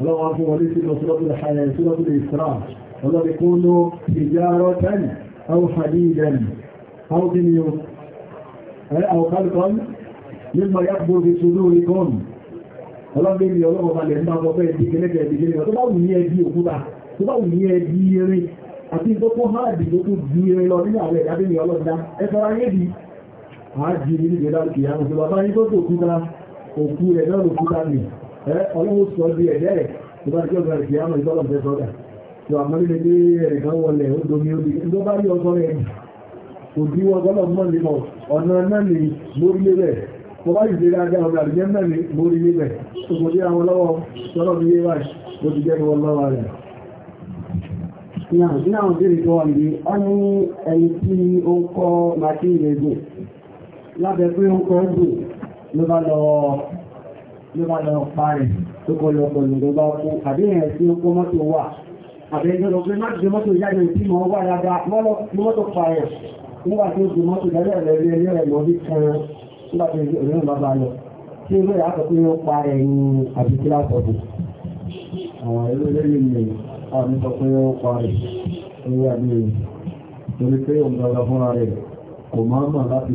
ọlọ́wọ́ fún wọlé sínú sọ́lọ́dún àyẹ̀ sọ́lọ́dún ìsra ọlọ́dún kó ló ìjárọ́ tẹ́lì àwọn fàdí ìdẹ̀lì àwọn kí ni ó àwọn kálùkọ́n nígbà yàgbó fi ṣúlú àájìrí ní ìgbẹ̀dá òkè àwọn ìjọba bá ní tó tó kúta òkú rẹ̀ náà ló kúta nì ọlọ́wọ́ sọ bí ẹ̀dẹ́ rẹ̀ tó bá jọ́ gbẹ̀rẹ̀ kìí àwọn ìjọba fẹ́ sọ́dà tó àmọ́ nílé dé ẹ̀rẹ̀ kan wọlé ó domi ó di ló bá rí ọsọ rẹ̀ kò bí wọn gbọ́dọ̀ mọ́ ní mọ̀ ọ̀nà náà ní mórílé rẹ̀ tó bá ìdè dáadáa ọ̀gá àdìjẹ́ náà ní mórílé rẹ̀ tó àwọn lọ́wọ́ sọ́dọ̀ bí yé wáyé jẹ́ wọn lọ́wọ́ rẹ̀ Náà, náà, bèèrè tó lábẹ́ pé ó kọ́ ọdún ló bá lọ pa rẹ̀ tó kọ́ lọ pẹ̀lú ló bá kú àbí ẹ̀yẹn tí ó kọ́ mọ́tò wà àbí ẹ̀yẹn lọ pé má jẹ mọ́tò yájọ tí mọ́ wà yáda mọ́tò pa rẹ̀ nígbà tí ó jẹ mọ́tò lẹ́lẹ́ rẹ̀ lọ bí kan láti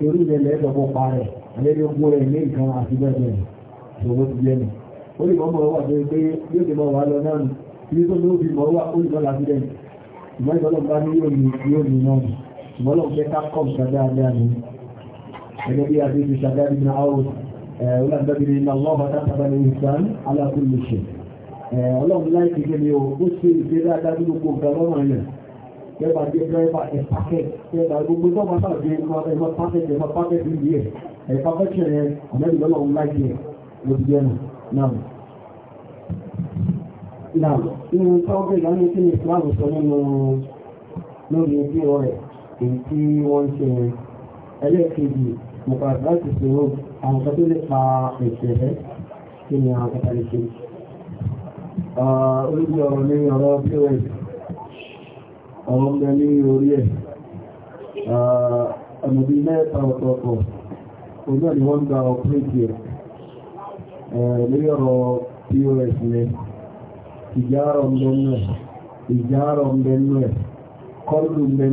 torí ilẹ̀ ẹ̀dọ̀gbọ́ parẹ̀ lẹ́rí ogún rẹ̀ ilé ìkan àti bẹ́ẹ̀ ṣòro ti lẹ́nu ó lè mọ́ mọ́ wà tó pé yóò ti mọ́ wà lọ náà nù tí tó ló fi mọ́ wà ó lè mọ́ láti lẹ́nu ìmọ̀ ìtọ́lọ̀ bá ní yóò ní yóò ní náà nù ìmọ̀ lọ fẹ́ ká kọ́ ìṣàdá alẹ́ àná gẹ́gẹ́ bí a ti fi ṣàdá ní na áwò ọlọ́dọ́bìnrin ní iná wọ́n bá tábà ní ìsàn alákùnlùṣe ọlọ́run láì fi gẹ́mi o ó ṣe ìgbéra dájú gbogbo nǹkan lọ́rùn yẹn lẹ́bà jẹ́ dẹ́rẹ́bà ẹ̀ pàkẹ́ lẹ́bà gbogbo tó máa tàbí ẹmọ pàkẹ́ ẹmọ pàkẹ́ bí i ẹ̀ pàkẹ́kẹ́ rẹ̀ àmẹ́rin lọ́nà òun láìpẹ́ ẹ̀ ló ti jẹ́ náà náà nínú tọ́gbẹ̀ ìlànà tí ní ìsìláàmù sọ nínú lórí ẹbí rẹ̀ èyí tí wọ́n ṣe ẹlẹ́ẹ̀kejì nípa láti ṣòro àwọn kan tó lè pa ẹ̀ṣẹ̀ rẹ̀ kí ni àwọn kẹta lè àwọn ọmọ ní orí ẹ̀ ọmọdé mẹ́ta ọ̀tọ̀ọ̀tọ̀ ojú ẹni wọ́n gba ọ̀pẹ́kì ẹ̀ lórí ọ̀rọ̀ pos ní ìjáàrọ̀ ọmọdé ìjáàrọ̀ ọmọdé kọlù ọmọdé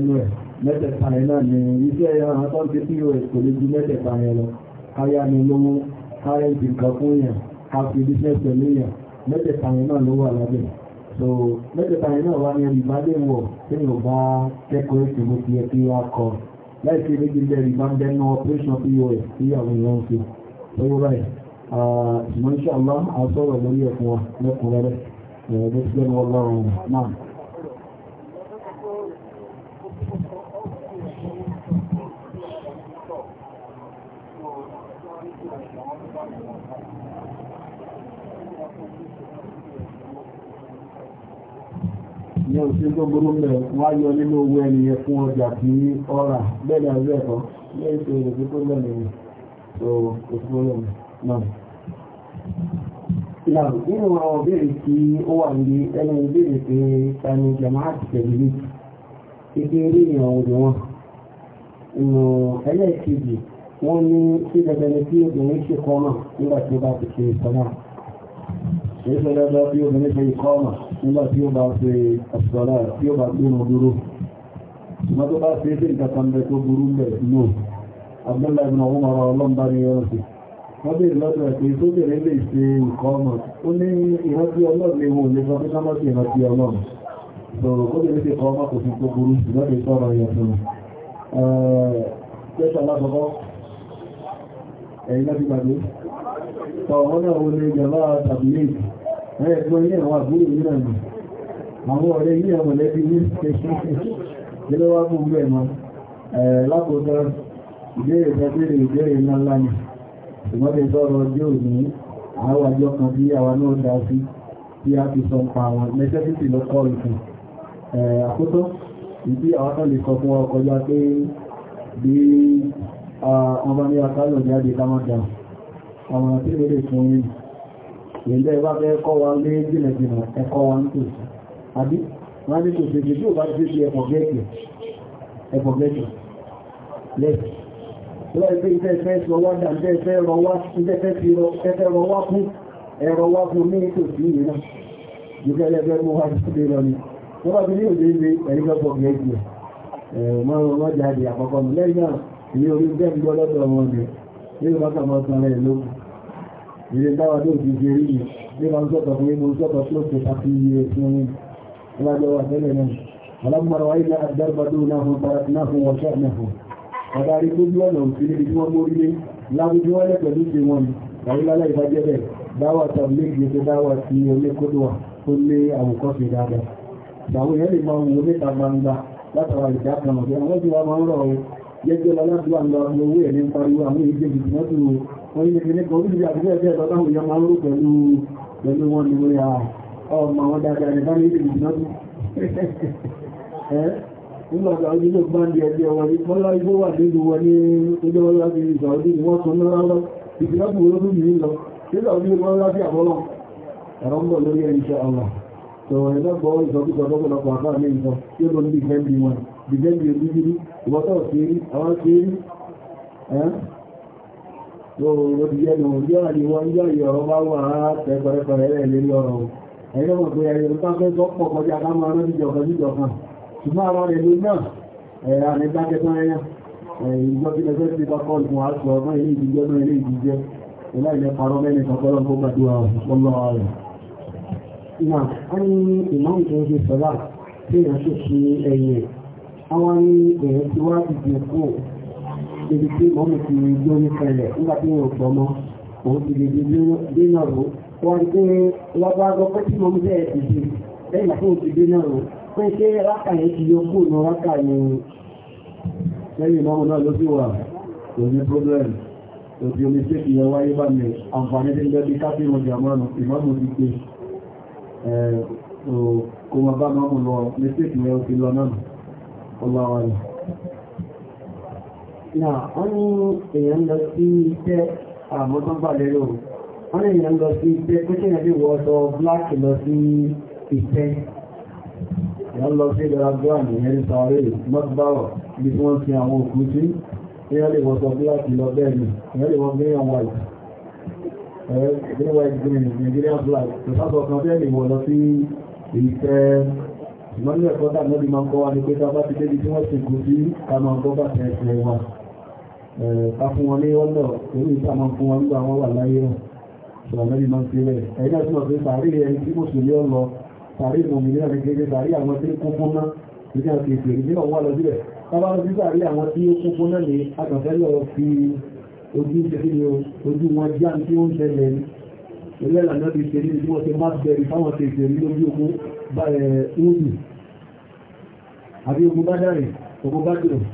mẹ́tẹ̀ẹ̀ta ẹ̀ náà ni iṣẹ́ àwọn tó ń ti pos kò lè ju mẹ́tẹ̀ẹ̀ta ẹ̀ lọ káyá ni lówó káyá ìdìkan fún yàn ká fi so mẹ́tẹ̀ẹ̀ta yẹn náà wá ní ẹni bá lè wọ̀ tí yóò bá kẹ́kọ̀ọ́ ètò bó ti yẹ kí wá kọ láìsí méjì ń bẹ̀rẹ̀ bá ń dẹ́nu operation pos tí àwọn èèyàn ń fi lọ́wọ́ báyìí ṣùgbọ́n inshallah àsọ̀rọ̀ lórí ẹ̀fún wa lẹ́kùnrẹ́rẹ́ ẹ̀ẹ́dẹ́gbẹ́ni ọlọ́run náà ní òṣèlú tó burú mẹ́ wọ́n yọ nínú owó ẹniyẹ fún ọjà tí ọ̀rà bẹ́ẹ̀ náà rẹ̀ kan lẹ́yìn tó rẹ̀ tó tó lẹ́nu tó kò tó lẹ́nu náà. Ìlànà nínú àwọn ìbéèrè tí ó wà ní ẹnu ìbéèrè pé ta ni jamaati tẹ̀lé kékeré ìyàn òde wọn. Ìnà ẹlẹ́ẹ̀kejì wọ́n ní sí dandan ni kí obìnrin ṣe kọ́ náà nígbà tí ó bá ti ṣe ìkọ́ náà. Èyí sọ dandan nígbà tí ó bá ṣe àṣìṣọ́lá tí ó bá gbé wọn dúró ṣùgbọ́n tó bá ṣe é sí ìkàkan bẹ tó burú bẹ̀ lò abdullahi ibn ọmọ ọmọ ọlọ́mbà ni yọrọ sí wọ́n bèèrè lọ́dọ̀ ẹ̀kọ́ tó bèèrè lè ṣe nǹkan ọmọ ó ní ìrántí ọlọ́run lè wọ́n lè sọ pé sọ́mọ́ sí ìrántí ọlọ́run sọ̀rọ̀ ó bèèrè sí kọ́ ọmọ kò sí tó burú ṣùgbọ́n kì í sọ̀rọ̀ yẹn sọ̀rọ̀ ẹ̀ẹ́dẹ́sọ̀ alákọ̀ọ́kọ́ ẹ̀yìn láti gbàgbé sọ̀rọ̀ náà ó lè jẹ́ lára ẹgbọ́n ilé àwọn àbúrò ní ọ̀nà àwọn ọ̀rẹ́ ilé àwọn lẹ́bí ní ìlọ́wà fún bẹ́ẹ̀ mọ́ lápòtọ́ ìbéèrè tẹ́bẹ̀rẹ̀ ìbéèrè ńlá ní ìmọ́dé sọ́rọ̀ ọjọ́ òní àwọn àjọ kan bí àwa náà dá sí bí a ti sọ pa àwọn necessity ló kọ́ ìfún àkótó ìbí àwọn kan lè sọ fún wa kọjá pé bí ọmọ ní akálò ilẹ̀ bá fẹ́ kọ́ wa lé jìnàjìnà ẹ̀kọ́ wa ń tòsí àbí wọ́n ní kò tètè tí ò bá tètè ẹ̀fọ̀gẹ́kẹ̀ lẹ́ẹ̀kì lọ́ẹ̀gbé ìfẹ́fẹ́ rọwá dàndẹ́fẹ́ rọwá fún ẹ̀rọwá fún ní tòsí ìrìnà ìfẹ́lẹ́fẹ́ mú wá sílé lọ ni wọ́n bá fi ní òjò ìgbé ẹ̀rígbẹ́fọ̀gẹ́kẹ̀ ẹ̀rọ mọ́ jáde àkọ́kọ́ ilé báwa ló ti ṣe rí ní ma ń sọ́tọ̀ fún mo sọ́tọ̀ tó ṣe àti iye fún mi lájọ́ wà tẹ́lẹ̀ náà alámọ̀rọ̀ wáyé náà dárbàdó náà fún náà fún wọ́ṣọ́ náà fún ọ̀dárí tó bí ọ̀nà òfin níbi tí wọ́n mórí lé láwùjọ wọn lẹ́ pẹ̀lú ṣe wọn tàbí lálẹ́ ìbàjẹ́ bẹ̀ dáwà tàbí gbèsè dáwà sí olékódòwà tó lé àwòkọ́ṣe dáadáa ìgbàwó yẹn lè máa wù níta gbangba látara ìdákanà bí àwọn tí wọ́n máa ń rọ̀ ọ́ jẹ́jẹ́ lọ́lá wọ́n yìí ní kọ̀wọ́n ìrìn àti ẹgbẹ́ ẹ̀dọ́ táwọn èèyàn máa ń rò pẹ̀lú pẹ̀lú wọn ni wọ́n ya ọmọ wọn dáadáa ní bá ní ìrìn ìdínájú ẹ́ nígbàtà ojú ló gbá ni wọ́n tún lọ́rọ́ lọ ìdínájú wọn lórí mi lọ nígbà ojú wọn láti àbọ́lọ́ ẹ̀rọ ń bọ̀ lórí ẹni iṣẹ́ ọ̀la tó ẹ̀lọ́gbọ́ ìsọkúsọ lọ́pọ̀lọpọ̀ àbá mi sọ tí ó lọ ní ìfẹ́ bí wọn yóò ti ti bá kọ́ ìfún àṣọ ọgbọ́n ilé ìdíjẹ́ náà ilé ìdíjẹ́ ìláìlẹ̀ parọ́ mẹ́ni kọ́kọ́rọ́ tó gbàdúrà ìmọ̀ a ní ìmọ̀ tó ṣe sọ́lá tí èèyàn ṣe ṣe àwọn ní èèyàn wá ìdìkú débi tí wọ́n mú ti gbé ní pẹ̀lẹ̀ nígbà tí wọ́n gbọ́ mọ́ òun ti lè dé dé náà rò wọ́n rí pé lọ́gbà gbọ́ pé tí wọ́n bẹ̀rẹ̀ ti dé lẹ́yìn àti òun ti dé náà rò pé ṣé rákà yẹn ti yọ kúrò ní rákà yẹn lẹ́yìn ìmọ̀mù náà ló sì wà kò ní problem òbí omi tí kì yẹ wáyé bá mi àǹfààní tí ń bẹ́ bí káfí mo jà mọ́nu ìmọ̀mù ti pé kò mọ̀ bá mọ́mù lọ mistake yẹn ó ti lọ náà ọlọ́wọ́ rẹ̀ náà wọ́n ní èèyàn lọ sí iṣẹ́ àmọ́tọ́gbà lérò wọ́n ní èèyàn lọ sí iṣẹ́ pé kí ẹ̀rí wọ ọ̀dọ̀ black lọ sí iṣẹ́ èèyàn lọ sí ìjọra grand ìyẹn sáré mọ́tbárọ̀ bí wọ́n fi àwọn òkú sí èèyàn lè wọ́sọ black lọ bẹ́ẹ̀ ni èèyàn lè wọ green and white green white green Nigerian black tó sábọ̀ kan bẹ́ẹ̀ lè wọ̀ lọ sí iṣẹ́ ìmọ̀lẹ́ ẹ̀kọ́ tàbí ọdún máa ń kọ́ wa ní pé tá a bá ti débi tí wọ́n ti kú sí ká máa gbọ́ bàtẹ́ ẹ̀sẹ̀ wa fún wọn ní ọlọ́ orí ìta máa fún wọn nígbà wọn wà láyé rẹ̀ ṣùgbọ́n máa fi rẹ̀ ẹ̀yìn àti ọ̀fẹ́ sàárì ẹni tí mo sùn ní ọlọ sàárì ìmọ̀mí ní àti gẹ́gẹ́ sàárì àwọn tí kún fún náà nígbà àti ìpèrè ní ọwọ́ lọ sílẹ̀ bábá lọ sí sàárì àwọn tí ó kún fún náà ní àtọ̀fẹ́ lọ fi ojú ìṣẹ́lẹ̀ ojú wọn já ti ṣe ní ojú ogun bá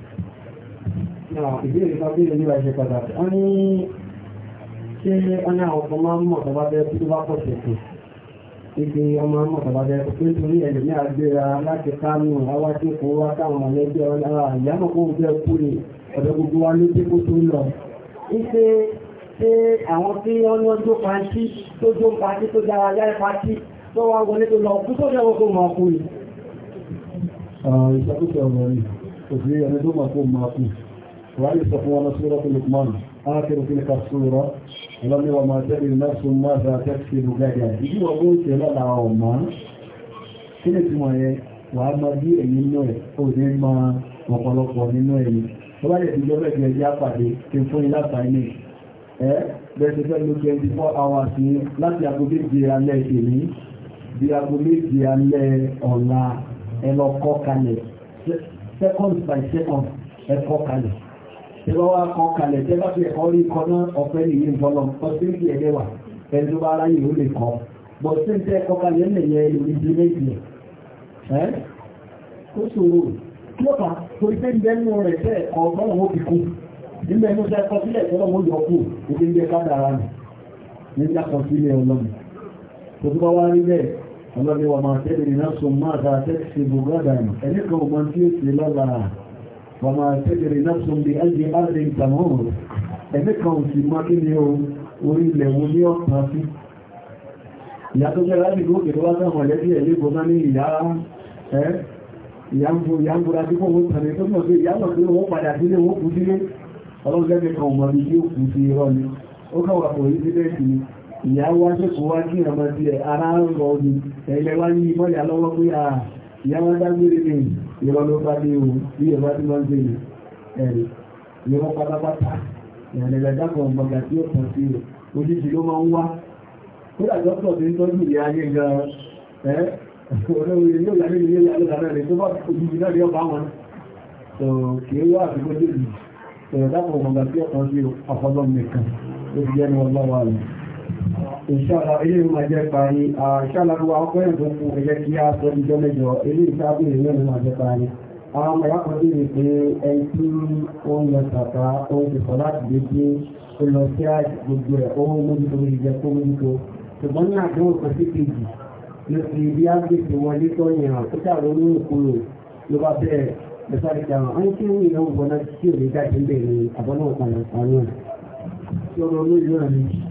ìbéèrè kan bí ìlú ìṣe pàtàkì wọ́n ní ṣé ọ́nà ọ̀pọ̀ máa ń mọ̀ tó bá bẹ́ẹ̀ tó bá pọ̀ tẹ̀kù ibi ọmọ mọ̀ tó bá bẹ́ẹ̀ pé torí ẹlòmí àgbéra láti kánú awájú kó wá táwọn mọ̀lẹ́bí ọ̀la ìyàmọ̀ kó bẹ́ẹ̀ kú ni ọ̀dọ̀ gbogbo wa ló dé kó tó lọ. ipe ṣé àwọn tí wọ́n ní ọjọ́ pàǹtí tó jó pàǹtí tó dára yára pàǹtí tó wá wọlé tó lọ kú tó jẹ́ gbogbo mọ̀ kú ni. ìṣàkóso وأن يستقوى سورة لقمان آخر تلك السورة لم وما تدري نفس ماذا تكسب غدا يجي وقول كلا لعوما كلا تمايا وعما دي أمينو أوديما وقلق ونينو أمي Tọ́bá yẹ̀ ti jọ́bẹ̀ jẹ́ ìyá pàdé kí n fún ilá tàílé. Ẹ́ bẹ̀rẹ̀ fẹ́ ló 24 hours ní láti ago méje alẹ́ èmi bí ago méje alẹ́ ọ̀la ẹlọ́kọ́ kalẹ̀ second by second ẹkọ́ kalẹ̀ tẹ́bá wá kan kalẹ̀ tẹ́bá fi ẹ̀kọ́ rí kan náà ọ̀fẹ́ nìyí ń bọ́lọ̀ ọ̀sìnkì ẹ̀lẹ́wà ẹni tó bá aráyè ó lè kọ́ bọ̀ sí tẹ́ ẹ̀kọ́ kalẹ̀ ẹ̀ yẹ ìdílẹ́jì ẹ̀ ó ṣòro kí ó fà torí pé ìbẹ́nu rẹ̀ tẹ́ ẹ̀kọ́ ọgbọ́n ó fi kú nígbà inú tẹ́ ẹ̀kọ́ sílẹ̀ tẹ́lọ́ mo yọ kú ìdí ń jẹ́ kádàrá nì nígbà kan sílẹ̀ ọlọ́run tó tó bá wá rí bẹ́ẹ̀ ọlọ́run wa máa tẹ́lẹ̀ ní náà so máa ta tẹ́lẹ̀ ṣe gbogbo àdàrà ẹ̀mí wọ́n máa tẹ́jẹ̀rẹ̀ náà sọ bí ẹ́jẹ̀ ààrẹ ìtàmọ́rùn ẹ̀mí kan ò sì máa kí ni orí ilẹ̀ wo ní ọ̀pá sí ìyàtọ̀ jẹ́ láti gó kèrè wá sáwọn ẹ̀lẹ́bí ẹ̀lẹ́ bọ́ná ní ìyá ìyàmbúra tí fún òun tàbí tó mọ̀ sí ìyàmọ̀ tí wọ́n padà sílé wọ́n kú sílé ọlọ́gbẹ́mí kan mọ̀ ní tí ó kú sí irọ́ ni ó kàwà pọ̀ yí sílẹ̀ sí ìyá wá sẹ́kù wá kí ọmọ ti ẹ̀ ara ń rọ ni ẹ̀lẹ́ wá ní ìrọ̀ ló bá lé ohun bí ẹ̀rọ tí wọ́n gbé ní ẹ̀rì ìrọ̀ pátápátá ìrìnlẹ̀ dákan ọmọgà tí ó kàn sí ojúṣe ló máa ń wá ó dàjọ́ pọ̀ tí ń tọ́jú ìrìn ayé gan ẹ́ olóòrè yóò yà nínú ilé alóòrè rẹ̀ tó bá ojúṣe náà rí ọba wọn tó kì í wá àfikún dèjì ìrọ̀ dákan ọmọgà tí ó kàn ìṣàlá ilé ìmọ̀ jẹ́ parí àṣàlá wa ọkọ̀ ẹ̀dùn fún ẹ̀yẹ kí a sọ ìjọ mẹ́jọ ilé ìṣàbí ìlú ìmọ̀ jẹ́ parí àwọn ọmọ yàtọ̀ sí rè pé ẹni tí ó ń lọ sàkà ó ń sọ láti lè dé ó lọ sí gbogbo ẹ̀ ó mójútó ìjẹ kó mójútó ṣùgbọ́n ní àdéhùn kan sí kejì ló fi bí á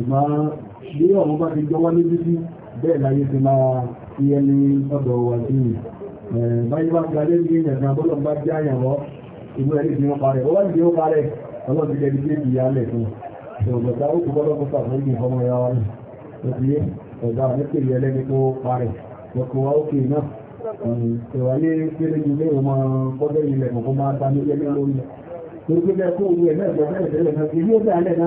ṣùgbọ́n bí ọ̀run bá ti jọwọ́ ní bíbí bẹ́ẹ̀ láyé ti máa fi ẹni ọ̀dọ̀ wà sí rẹ̀ báyé bá ga lé ní ẹ̀sìn àbọ́lọ̀ bá jẹ́ àyànwọ́ ìgbé ẹni tí wọ́n parẹ́ ó wá ní tí wọ́n parẹ́ ọlọ́dún jẹ́ ibi tí ìyálẹ̀ fún ṣọ̀gbọ̀ta ó kú bọ́lọ́ púpà fún ìgbìn ọmọ ìyá wọn ó ti yé ọ̀gá nípìnlẹ̀ ẹlẹ́ni wa ní péré ní ilé